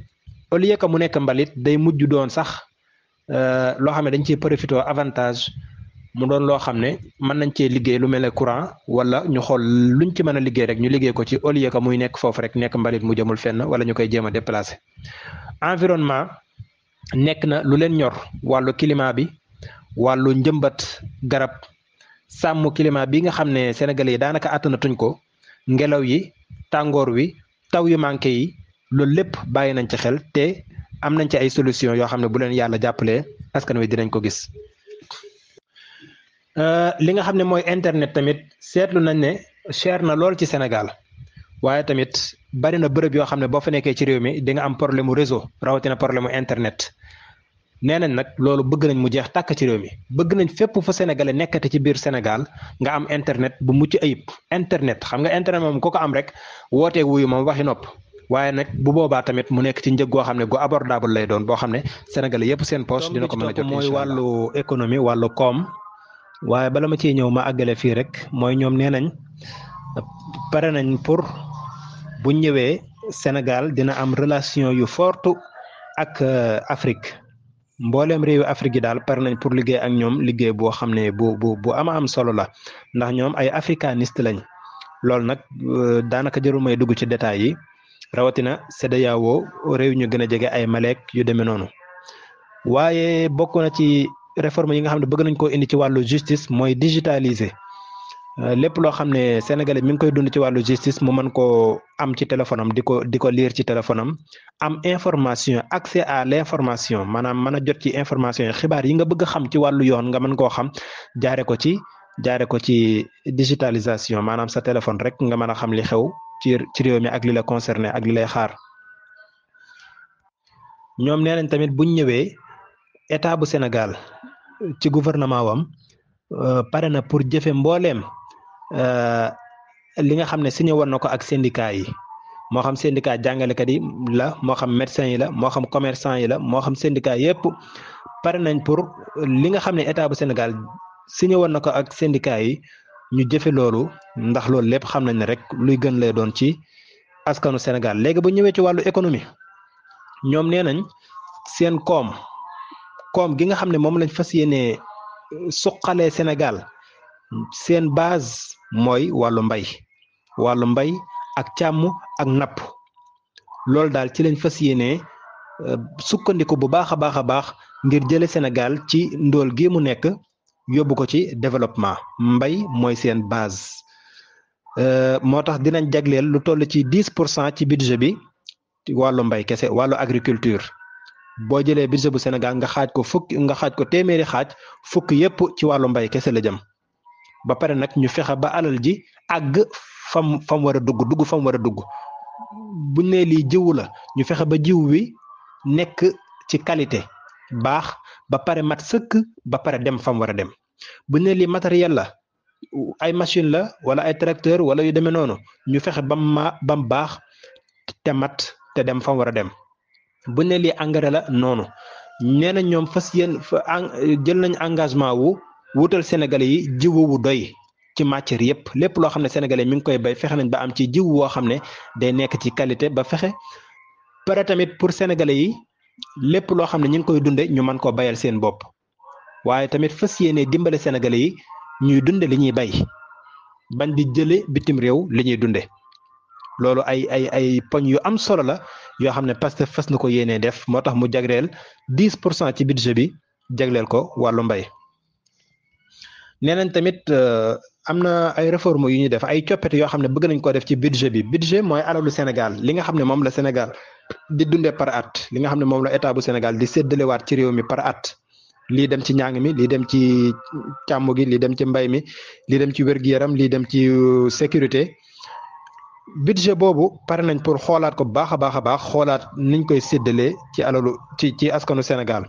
au lieu que mu nekk mbalit day mujj doon sax euh, loo xam ne dañ ciy profité avantage mu doon loo xam ne mën nañ cee liggéey lu mel ne courant wala ñu xool luñ ci mën a liggéey rek ñu liggéey ko ci au lieu que muy nekk foofu rek nekk mbalit mu jëmul fenn wala ñu koy jéem a déplacé environnement nekk na lu leen ñor wàllu climat bi wàllu njëmbat garab sàmm climat bi nga xam ne sénégal yi daanaka àttanatuñ ko ngelaw yi tàngoor wi taw yu manqué yi loolu lépp bàyyi nañ ci xel te am nañ ci ay solution yoo xam ne bu leen yàlla jàppalee askan wi dinañ ko gis euh, li nga xam ne mooy internet tamit seetlu nañ ne cher na lool ci Sénégal waaye tamit bari na bërëb yoo xam ne boo fa nekkee ci réew mi di nga am problème mu réseau rawatina problème mu internet nee nak nag loolu bëgg nañ mu jeex tàkk ci réew mi bëgg nañ fépp fu sénégalais ci biir sénégal nga am internet bu mucc ayib internet xam nga internet moom ko ko am rek wootee wuyu moom waxi nopp waaye nag bu boobaa tamit mu nekk ci njëg goo xam ne gu abordable lay doon boo xam ne sénégalais yépp seen poche dina ko mën a jot mooy wàllu économie wàllu koom waaye bala ma ciy ñëw ma àggale fii rek mooy ñoom nee nañ pare nañ pour bu ñëwee sénégal dina am relation yu forte ak euh, afrique mbooleem réewu Afrique yi daal pare nañ pour liggéey ak ñoom liggéey boo xam ne bu bu bu ama am solo la ndax ñoom ay africaniste lañ loolu nag euh, daanaka jarul dugg ci détails yi rawatina CEDEAO réew ñu gën a jege ay maleek yu demee noonu waaye bokk na ci réforme yi nga xam ne bëgg nañ koo indi ci wàllu justice mooy digitaliser Euh, lépp loo xam ne sénégalais mi ngi koy dund ci wàllu justice mu am ci téléphone am di lire ci téléphone am information accès à l'information. information manager mën jot ci information yi xibaar yi nga bëgg a xam ci yoon nga mën koo xam jaare ko ci jaare ko ci digitalisation maanaam sa téléphone rek nga mën a xam li xew ci ci réew mi ak li la concerné ak li lay xaar ñoom nee nañ tamit état bu Sénégal ci gouvernement wam euh, pare na pour jëfe Euh, li nga xam ne signé woon na ko ak syndicat yi moo xam syndicat jàngalekat yi la moo xam médecin yi la moo xam commerçant yi la moo xam syndicat yëpp pare nañ pour li nga xam ne état bu Sénégal signé woon na ko ak syndicat yi ñu jëfe loolu ndax loolu lépp xam nañ ne rek luy gën lay doon ci askanu Sénégal léegi bu ñëwee ci wàllu économie ñoom nee nañ seen koom kom gi nga xam ne moom lañ fas yéenee suqalee Sénégal seen base mooy wàllu mbay wàllu mbay ak càmm ak napp loolu daal ci lañ fas yéenee euh, sukkandiku bu baax a baax a baax ngir jële Sénégal ci ndóol gi mu nekk yóbbu ko ci développement mbay mooy seen base euh, moo tax dinañ jagleel lu toll ci dix pour cent ci budget bi wàllu mbay kese wàllu agriculture boo jëlee budget bu Sénégal nga xaaj ko fukk nga xaaj ko téeméeri xaaj fukki yépp ci wàllu mbay kese la jëm ba pare nag ñu fexe ba alal ji àgg fam fam war a dugg dugg fam war a dugg buñ ne lii jiwu la ñu fexe ba jiw wi nekk ci qualité baax ba pare mat sëkk ba pare dem fam war a dem buñ ne lii matériel la ay machine la wala ay tracteur wala yu demee noonu ñu fexe ba ma bam baax te mat te dem fam war a dem buñ ne lii engrais la noonu nee na ñoom fas jël nañ engagement wu wutal sénégalais yi jiwu wu doy ci matière yëpp lépp loo xam ne sénégalais mi ngi koy bay fexe nañ ba am ci jiw woo xam ne day nekk ci qualité ba fexe pare tamit pour sénégalais yi lépp loo xam ne ñu ngi koy dunde ñu man koo bayal seen bopp waaye tamit fas yéene dimbale sénégalais yi ñuy dunde li ñuy bay bañ di jële bitim réew li ñuy dunde loolu ay ay ay poñ yu am solo la yoo xam ne Pastef fas na ko yéenee def moo tax mu jagreel 10 pour cent ci budget bi jagleel ko wàllu mbay nee nañ tamit euh, am na ay réforme yu ñu def ay coppite yoo xam ne bëgg nañ koo def ci budget bi budget mooy alalu Sénégal li nga xam ne moom la Sénégal di dundee par at li nga xam ne moom la état bu Sénégal di séddalewaat ci réew mi par at lii dem ci njàng mi lii dem ci càmm gi lii dem ci mbay mi lii dem ci wér-gu-yaram lii dem ci euh, sécurité budget boobu pare nañ pour xoolaat ko baax a baax a baax xoolaat niñ koy séddalee ci alalu ci ci askanu Sénégal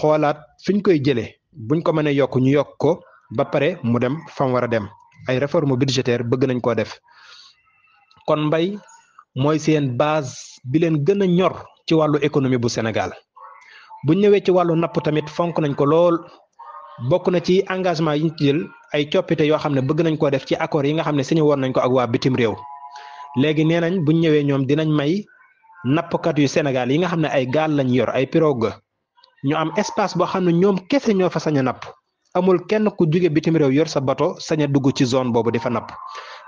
xoolaat fiñ koy jëlee buñ ko mënee yokk ñu yokk ko ba pare mu dem fam war a dem ay réforme budgétaire bëgg nañ koo def kon mbay mooy seen base bi leen gën a ñor ci wàllu économie bu Sénégal buñ ñëwee ci wàllu napp tamit fonk nañ ko lool bokk na ci engagement yi ñu jël ay coppite yoo xam ne nañ koo def ci accord yi nga xam ne signé woon nañ ko ak waa bitim réew léegi nee nañ bu ñëwee ñoom dinañ may nappkat yu Sénégal yi nga xam ne ay gaal lañu yor ay pirogue ñu am espace boo xam ne ñoom kese ñoo fa sañ a napp amul kenn ku jóge bitim réew yor sa bato sañ a dugg ci zone boobu di fa napp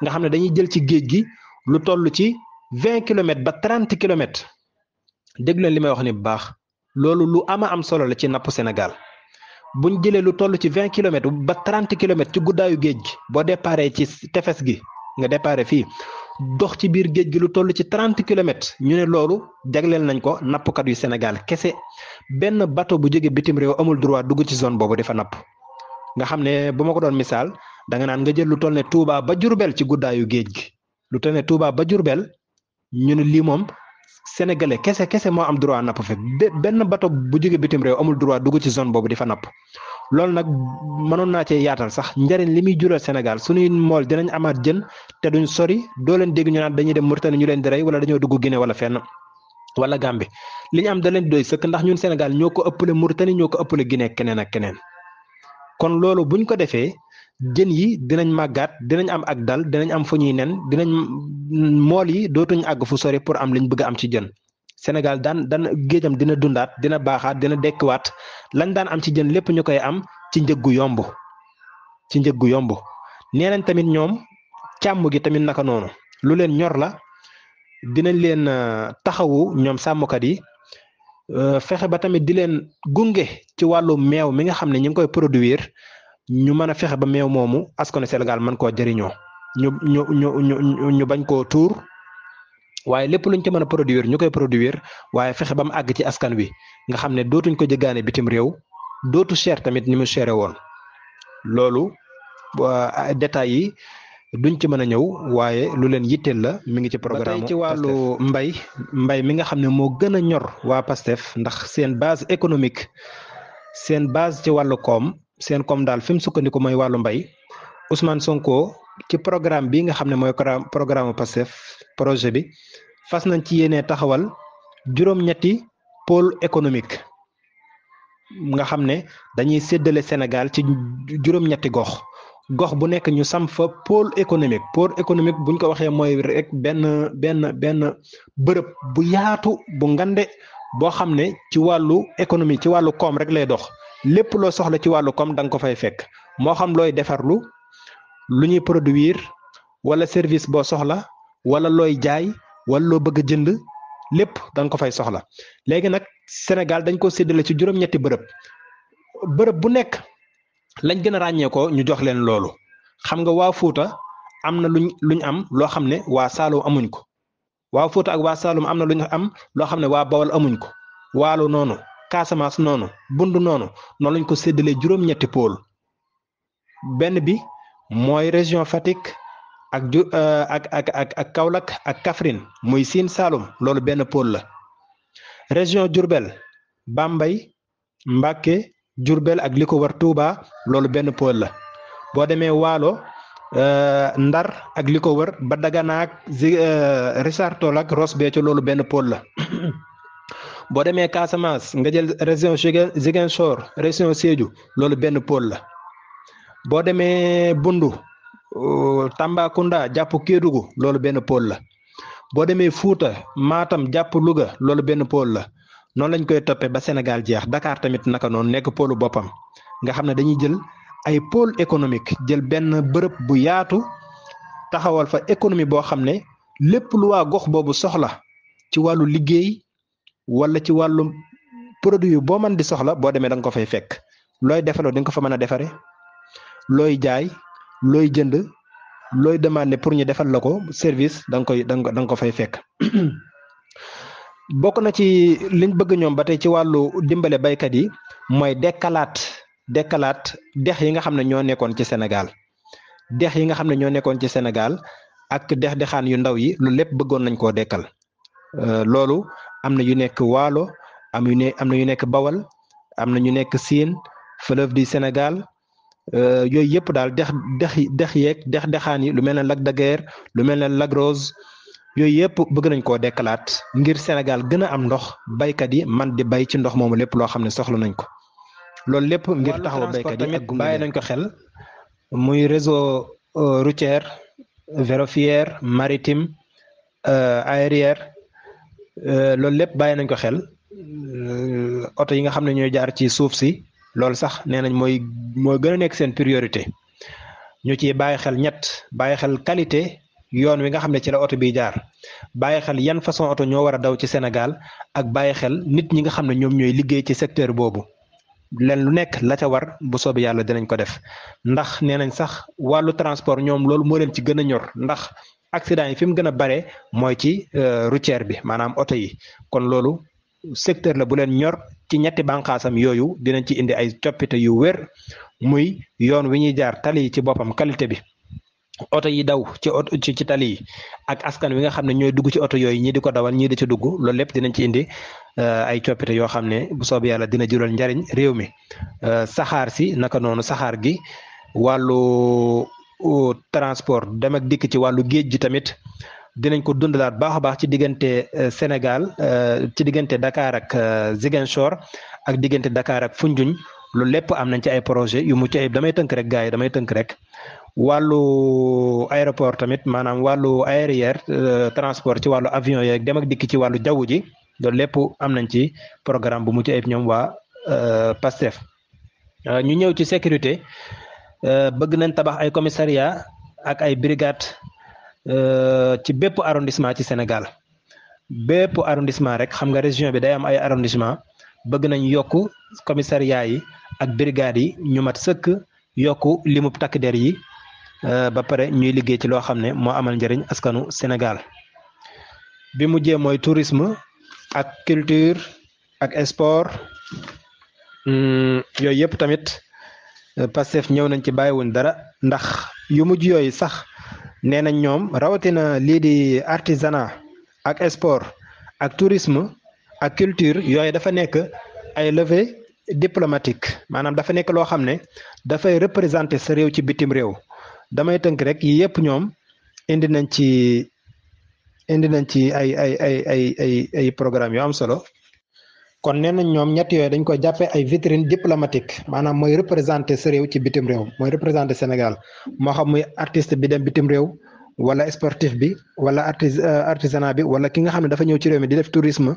nga xam ne dañuy jël ci géej gi lu toll ci vingt kilomètres ba trente kilomètres déglu li may wax ni bu baax loolu lu ama am solo la ci napp Sénégal buñ jëlee lu toll ci vingt kilomètres ba trente kilomètres ci guddaayu géej gi boo déparé ci tefes gi nga déparé fii dox ci biir géej gi lu toll ci trente kilomètres ñu ne loolu degleel nañ ko nappkat yu Sénégal kese benn bato bu jóge bitim réew amul droit dugg ci zone boobu dafa napp nga xam ne bu ma ko doon misaal da nga naan nga jël lu toll ne Touba ba Jurbel ci guddaayu géej gi lu toll ne Touba ba jurbeel ñu ne lii moom sénégalais kese kese moo am droit napp fi benn bato bu jóge bitim réew amul droit dugg ci zone boobu di fa napp loolu nag mënoon naa cee yaatal sax njëriñ li muy jural Sénégal suñuy mool dinañ amaat jën te duñ sori doo leen dégg ñu naan dañuy dem Mauritanie ñu leen di rey wala dañoo dugg Guinée wala fenn wala Gambie li ñu am da leen doy sëkk ndax ñun Sénégal ñoo ko ëppale Mauritanie ñoo ko ëppale Guinée keneen ak keneen kon loolu buñ ko defee jën yi dinañ màggaat dinañ am ak dal dinañ am fu ñuy nen dinañ mool yi dootuñ àgg fu sori pour am liñ bëgg am ci jën Sénégal daan daan géejam dina dundaat dina baaxaat dina dekkiwaat lañ daan am ci jën lépp ñu koy am ci jëggu yomb ci njëggu yomb nee tamit ñoom càmm gi tamit naka noonu lu leen ñor la dinañ leen euh, taxawu ñoom sàmmkat yi Euh, fexe ba tamit di leen gunge ci wàllu meew mi nga xam ne ñu ngi koy produire ñu mën a fexe ba meew moomu askanu Sénégal mën koo jëriñoo ñu ñu ñu ñu ñu bañ koo tuur waaye lépp luñ ci mën a produire ñu koy produire waaye fexe ba mu àgg ci askan wi nga xam ne dootuñ ko jëggaane bitim réew dootu cher tamit ni chere woon loolu détails yi duñ ci mën a ñëw waaye lu leen yitteel la mi ngi ci programme ci wàllu mbay mbay mi nga xam ne moo gën a ñor waa PASTEF ndax seen base économique seen base ci wàllu koom seen koom daal fi sukkandiku mooy wàllu mbay Ousmane Sonko ci programme bi nga xam ne mooy programme PASTEF projet bi fas nañ ci yéene taxawal juróom-ñetti pôle économique nga xam ne dañuy séddale Sénégal ci juróom-ñetti gox. gox bu nekk ñu sam fa pôle économique pôle économique bu ñu ko waxee mooy rek benn benn benn bërëb bu yaatu bu ngande boo xam ne ci wàllu économie ci wàllu koom rek lay dox lépp loo soxla ci wàllu koom da nga ko fay fekk moo xam looy defarlu lu ñuy produire wala service boo soxla wala looy jaay wala loo bëgg jënd lépp danga ko fay soxla léegi nag Sénégal dañ ko séddale ci juróom-ñetti bërëb bërëb bu nekk. lañ gën a ràññee ko ñu jox leen loolu xam nga waa Fuuta am na luñ luñ am loo xam ne waa Saalum amuñ ko waa Fuuta ak waa Saalum am na luñ am loo xam ne waa Bawol amuñ ko waalo noonu Casamance noonu Bund noonu noonu lañ ko séddalee juróom-ñetti pôle benn bi mooy région Fatick ak ju euh, ak ak ak ak Kaolack muy Sine Saalum loolu benn pôle la région jurbel Diourbel mbay Mbacké Jurbel ak li ko war Touba loolu benn pôle la boo demee Waalo euh, Ndar ak li ko wër ba Dagana ak euh, Richard Toll ak Ross Béthio loolu benn pôle la <clears throat> boo demee Casamance nga jël région sor région Sédhiou loolu benn pôle la boo demee Bundu euh, Tambacounda jàpp Kédougou loolu benn pôle la boo demee Fuuta maatam jàpp luga loolu benn pôle la non lañ koy topé ba Sénégal jeex Dakar tamit naka non nek pôle bopam nga xamné dañuy jël ay pôle économique jël benn bërëb bu yaatu taxawal fa économie boo xam ne lépp lu waa gox boobu soxla ci wàllu liggéey wala ci wàllu produit yu boo mën di soxla boo demee da nga ko fay fekk looy defaloo di ko fa mën a defare looy jaay Loy jënd Loy demandé pour ñu defal la ko service da nga koy da ko fay fekk <clears throat> bokk na ci liñ bëgg ñoom ba tey ci wàllu dimbale baykat yi mooy dekkalaat dekkalaat dex yi nga xam ne ñoo nekkoon ci Sénégal dex yi nga xam ne ñoo nekkoon ci Sénégal ak dex dexaan yu ndaw yi lu lépp bëggoon nañ koo dekkal euh, loolu am na yu nekk waalo am yu ne am na yu nekk bawal am na ñu nekk siin fleuve du Sénégal euh, yooyu yëpp daal dex dex dex yeeg dex dexaan yi lu mel ne lac de lu mel ne lac Rose yooyu yëpp bëgg nañ koo dekkalaat ngir Sénégal gën a am ndox baykat yi man di bay ci ndox moomu lépp loo xam ne soxla nañ ko loolu lépp ngir taxaw baykat yi ak bàyyi nañ ko xel muy réseau euh, routier ferroviaire maritime euh, aérien euh, loolu lépp bàyyi nañ ko xel oto yi nga xam ne ñooy jaar ci suuf si loolu sax nee nañ mooy mooy gën a nekk seen priorité ñu ci bàyyi xel ñett bàyyi xel qualité yoon wi nga xam ne ci la oto bi jaar bàyyi xel yan façon oto ñoo war a daw ci Sénégal ak bàyyi xel nit ñi nga xam ne ñoom ñooy liggéey ci secteur boobu leen lu nekk la ca war bu soob yàlla dinañ ko def ndax nee nañ sax wàllu transport ñoom loolu moo leen ci gën a ñor ndax accident yi fi mu gën a bare mooy ci euh, routière bi maanaam oto yi kon loolu secteur la bu leen ñor ci ñetti bànqaasam yooyu dinañ ci indi ay coppite yu wér muy yoon wi ñuy jaar tali ci boppam qualité bi oto yi daw ci oto ci ci tali yi ak askan wi nga xam ne ñooy dugg ci oto yooyu ñii di ko dawal ñii di ci dugg loolu lépp dinañ ci indi euh, ay coppite yoo xam ne bu soobee yàlla dina jural njariñ réew mi euh, saxaar si naka noonu saxaar gi wàllu transport dem ak dikk ci wàllu géej gi tamit dinañ ko dundalaat baax a baax ci diggante euh, Sénégal ci diggante Dakar ak Ziguinchor ak diggante Dakar ak Foundiougne loolu lépp am nañ ci ay projet yu mucc ayib damay tënk rek gars yi damay tënk rek wàllu aéroport tamit maanaam wàllu aérien euh, transport ci wàllu avion yeeg dem ak dikk ci wàllu jaww ji loolu lépp am nañ ci programme bu mucc ayib ñoom waa euh, PASTEF euh, ñu ñëw ci sécurité bëgg nañ tabax ay commissaria ak ay brigade ci bépp arrondissement ci Sénégal bépp arrondissement rek xam nga région bi day am ay arrondissement bëgg nañ yokku commissariat yi ak brigades yi ñu mat sëkk yokk limub takk der yi Euh, ba pare ñuy liggéey ci loo xam ne moo amal njëriñ askanu Sénégal bi mujjee mooy tourisme ak culture ak sport hmm, yooyu yëpp tamit euh, Pastef ñëw nañ ci bàyyiwuñ dara ndax yu mujj yooyu sax nee nañ ñoom rawatina lii di artisanat ak sport ak tourisme ak culture yooyu dafa nekk ay levée diplomatique maanaam dafa nekk loo xam ne dafay représenter sa réew ci bitim réew damay tënk rek yi yëpp ñoom indi nañ ci indi nañ ci ay ay ay ay ay ay programme yu am solo kon nee nañ ñoom ñett yooyu dañ koy jàppee ay vitrine diplomatique maanaam mooy représenté sa réew ci bitim réew mooy représenté Sénégal moo xam muy artiste bi dem bitim réew wala sportif bi wala artis euh, artisanat bi wala ki nga xam ne dafa ñëw ci réew mi di def tourisme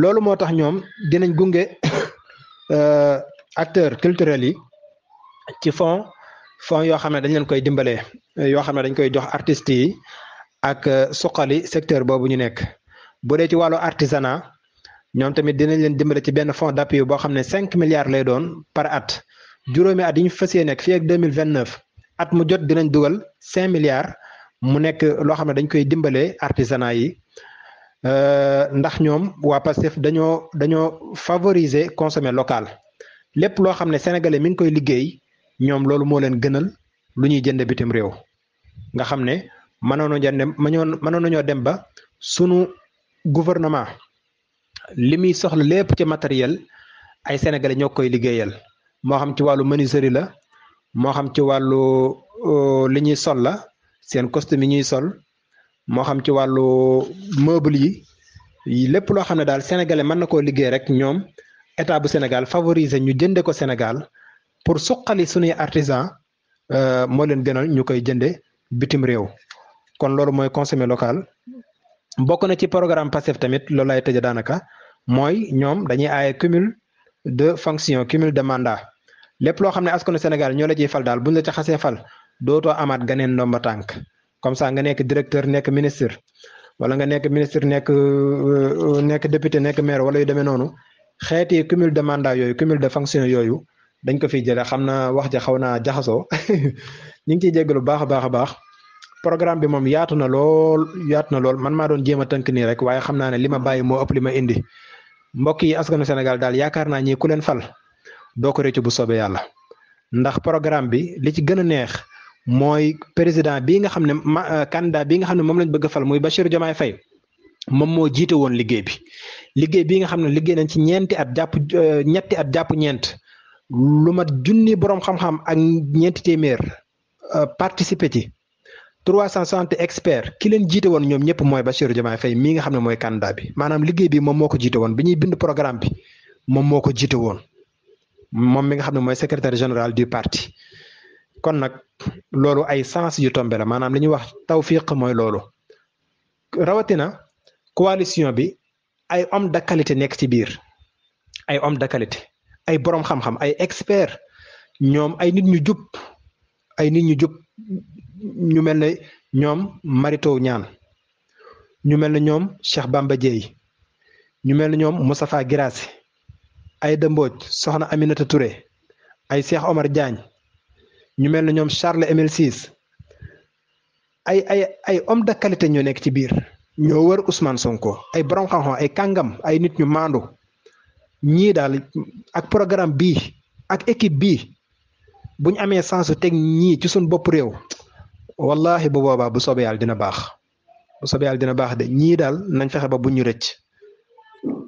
loolu moo tax ñoom dinañ gunge <coughs> euh, acteurs culturels yi ci fond fonds yoo xam ne dañ leen koy dimbalee yoo xam ne dañ koy jox artistes yi ak euh, suqali secteur boobu ñu nekk bu dee ci wàllu artisanat ñoom tamit dinañ leen dimbale ci benn fonds d'appui boo xam ne cinq milliards lay doon par at juróomi at yi ñu fas yéene nekk fii ak deux mille vingt neuf at mu jot dinañ dugal cinq milliards mu nekk loo xam ne dañ koy dimbalee artisanat yi euh, ndax ñoom waa Pastef dañoo dañoo favoriser consommer local lépp loo xam ne sénégalais mi ngi koy liggéey. ñom loolu moo leen gënal lu ñuy jënd bitim réew nga xam ne jënd manono ñoo dem ba sunu gouvernement limi soxla material ci matériel ay sénégalais ñokoy liggéeyal mo xam ci walu menuiserie la mo xam ci walu li sol la seen costume yi ñuy sol mo xam ci walu meuble yi lépp loo xam ne daal sénégalais man na liggéey rek ñom état bu sénégal favoriser ñu jënde ko sénégal pour suqali suñuy artisan euh, moo leen gënal ñu koy jënde bitim réew kon loolu mooy consommer local bokk na ci programme Pastef tamit loolu lay tëjee daanaka mooy ñoom dañuy aaye cumul de fonction cumul de mandat lépp loo xam ne askanu Sénégal ñoo la ciy fal daal buñ la ca xasee fal dootoo amaat ganeen ndomba tànk comme ça nga nekk directeur nekk ministre wala nga nekk ministre nekk euh, euh, nekk député nekk maire wala yu demee noonu xeeti cumul de mandat yooyu cumul de fonction yooyu dañ ko fi jëlee xam na wax ja xaw naa jaxasoo <laughs> ñu ngi ciy jégalu baax a baax a baax programme bi moom yaatu na lool yaatu na lool man maa doon jéem a tënk nii rek waaye xam naa ne li ma bàyyi moo ëpp li ma indi mbokk yi askanu Sénégal daal yaakaar naa ñi ku leen fal doo ko réccu bu soobee yàlla ndax programme bi li ci gën a neex mooy président bii nga xam ne ma euh, candidat bii nga xam ne moom lañ bëgg a fal muy Bassirou Diomaye Faye moom moo jiite woon liggéey bi liggéey bii nga xam ne liggéey nañ ci ñeenti at jàpp euh, ñetti at jàpp ñeent lu mat junni boroom xam-xam ak ñeenti téeméer euh, participer ci trois cent soixante experts ki leen jiite woon ñoom ñëpp mooy ba Bassirou Diomaye Faye mii nga xam ne mooy candidat bi maanaam liggéey bi moom moo ko jiite woon bi ñuy bind programme bi moom moo ko jiite woon moom mi nga xam ne mooy secretaire général du parti kon nag loolu ay sens yu tombe maanaam li ñuy wax tawfiq mooy loolu rawatina coalition bi ay homme de qualité nekk ci biir ay homme de qualité ay borom xam-xam ay expert ñoom ay nit ñu jub ay nit ñu jub ñu mel ne ñoom marito ñaan ñu mel ne ñoom Cheikh Bamba Dièye ñu mel ne ñoom Moustapha Guirassy ay Dëmbooj soxna Aminata Touré ay Cheikh Omar Diagne ñu mel ne ñoom Charles Emile Ciss ay ay ay homme de qualité ñoo nekk ci biir ñoo wër Ousmane Sonko ay borom xam-xam ay kàngam ay nit ñu maandu ñii daal ak programme bii ak équipe bi bu ñu amee sensu teg ñii ci suñ bopp réew wallahi bu boobaa bu soobee dina baax bu soobee dina baax de ñii daal nañ fexe ba bu ñu rëcc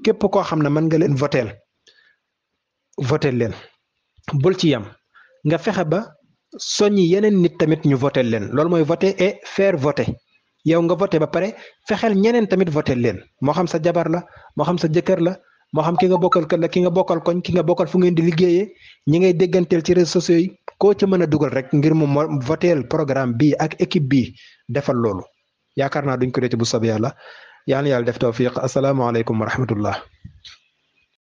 képp koo xam ne mën nga leen voteel voteel leen bul ci yam nga fexe ba soññi yeneen nit tamit ñu voteel leen loolu mooy voter et faire voter yow nga vote ba pare fexeel ñeneen tamit voteel leen moo xam sa jabar la moo xam sa jëkkër la moo xam ki nga bokkal kër la ki nga bokkal koñ ki nga bokkal fu ngeen di liggéeyee ñi ngay dégganteel ci réseaux sociaux yi koo ci mën a dugal rek ngir mo voteel programme bi ak équipe bi defal loolu yaakaar naa duñ ko réccu bu soobee yàlla yal yàlla def tawfiq asalaamaaleykum wa rahmatullah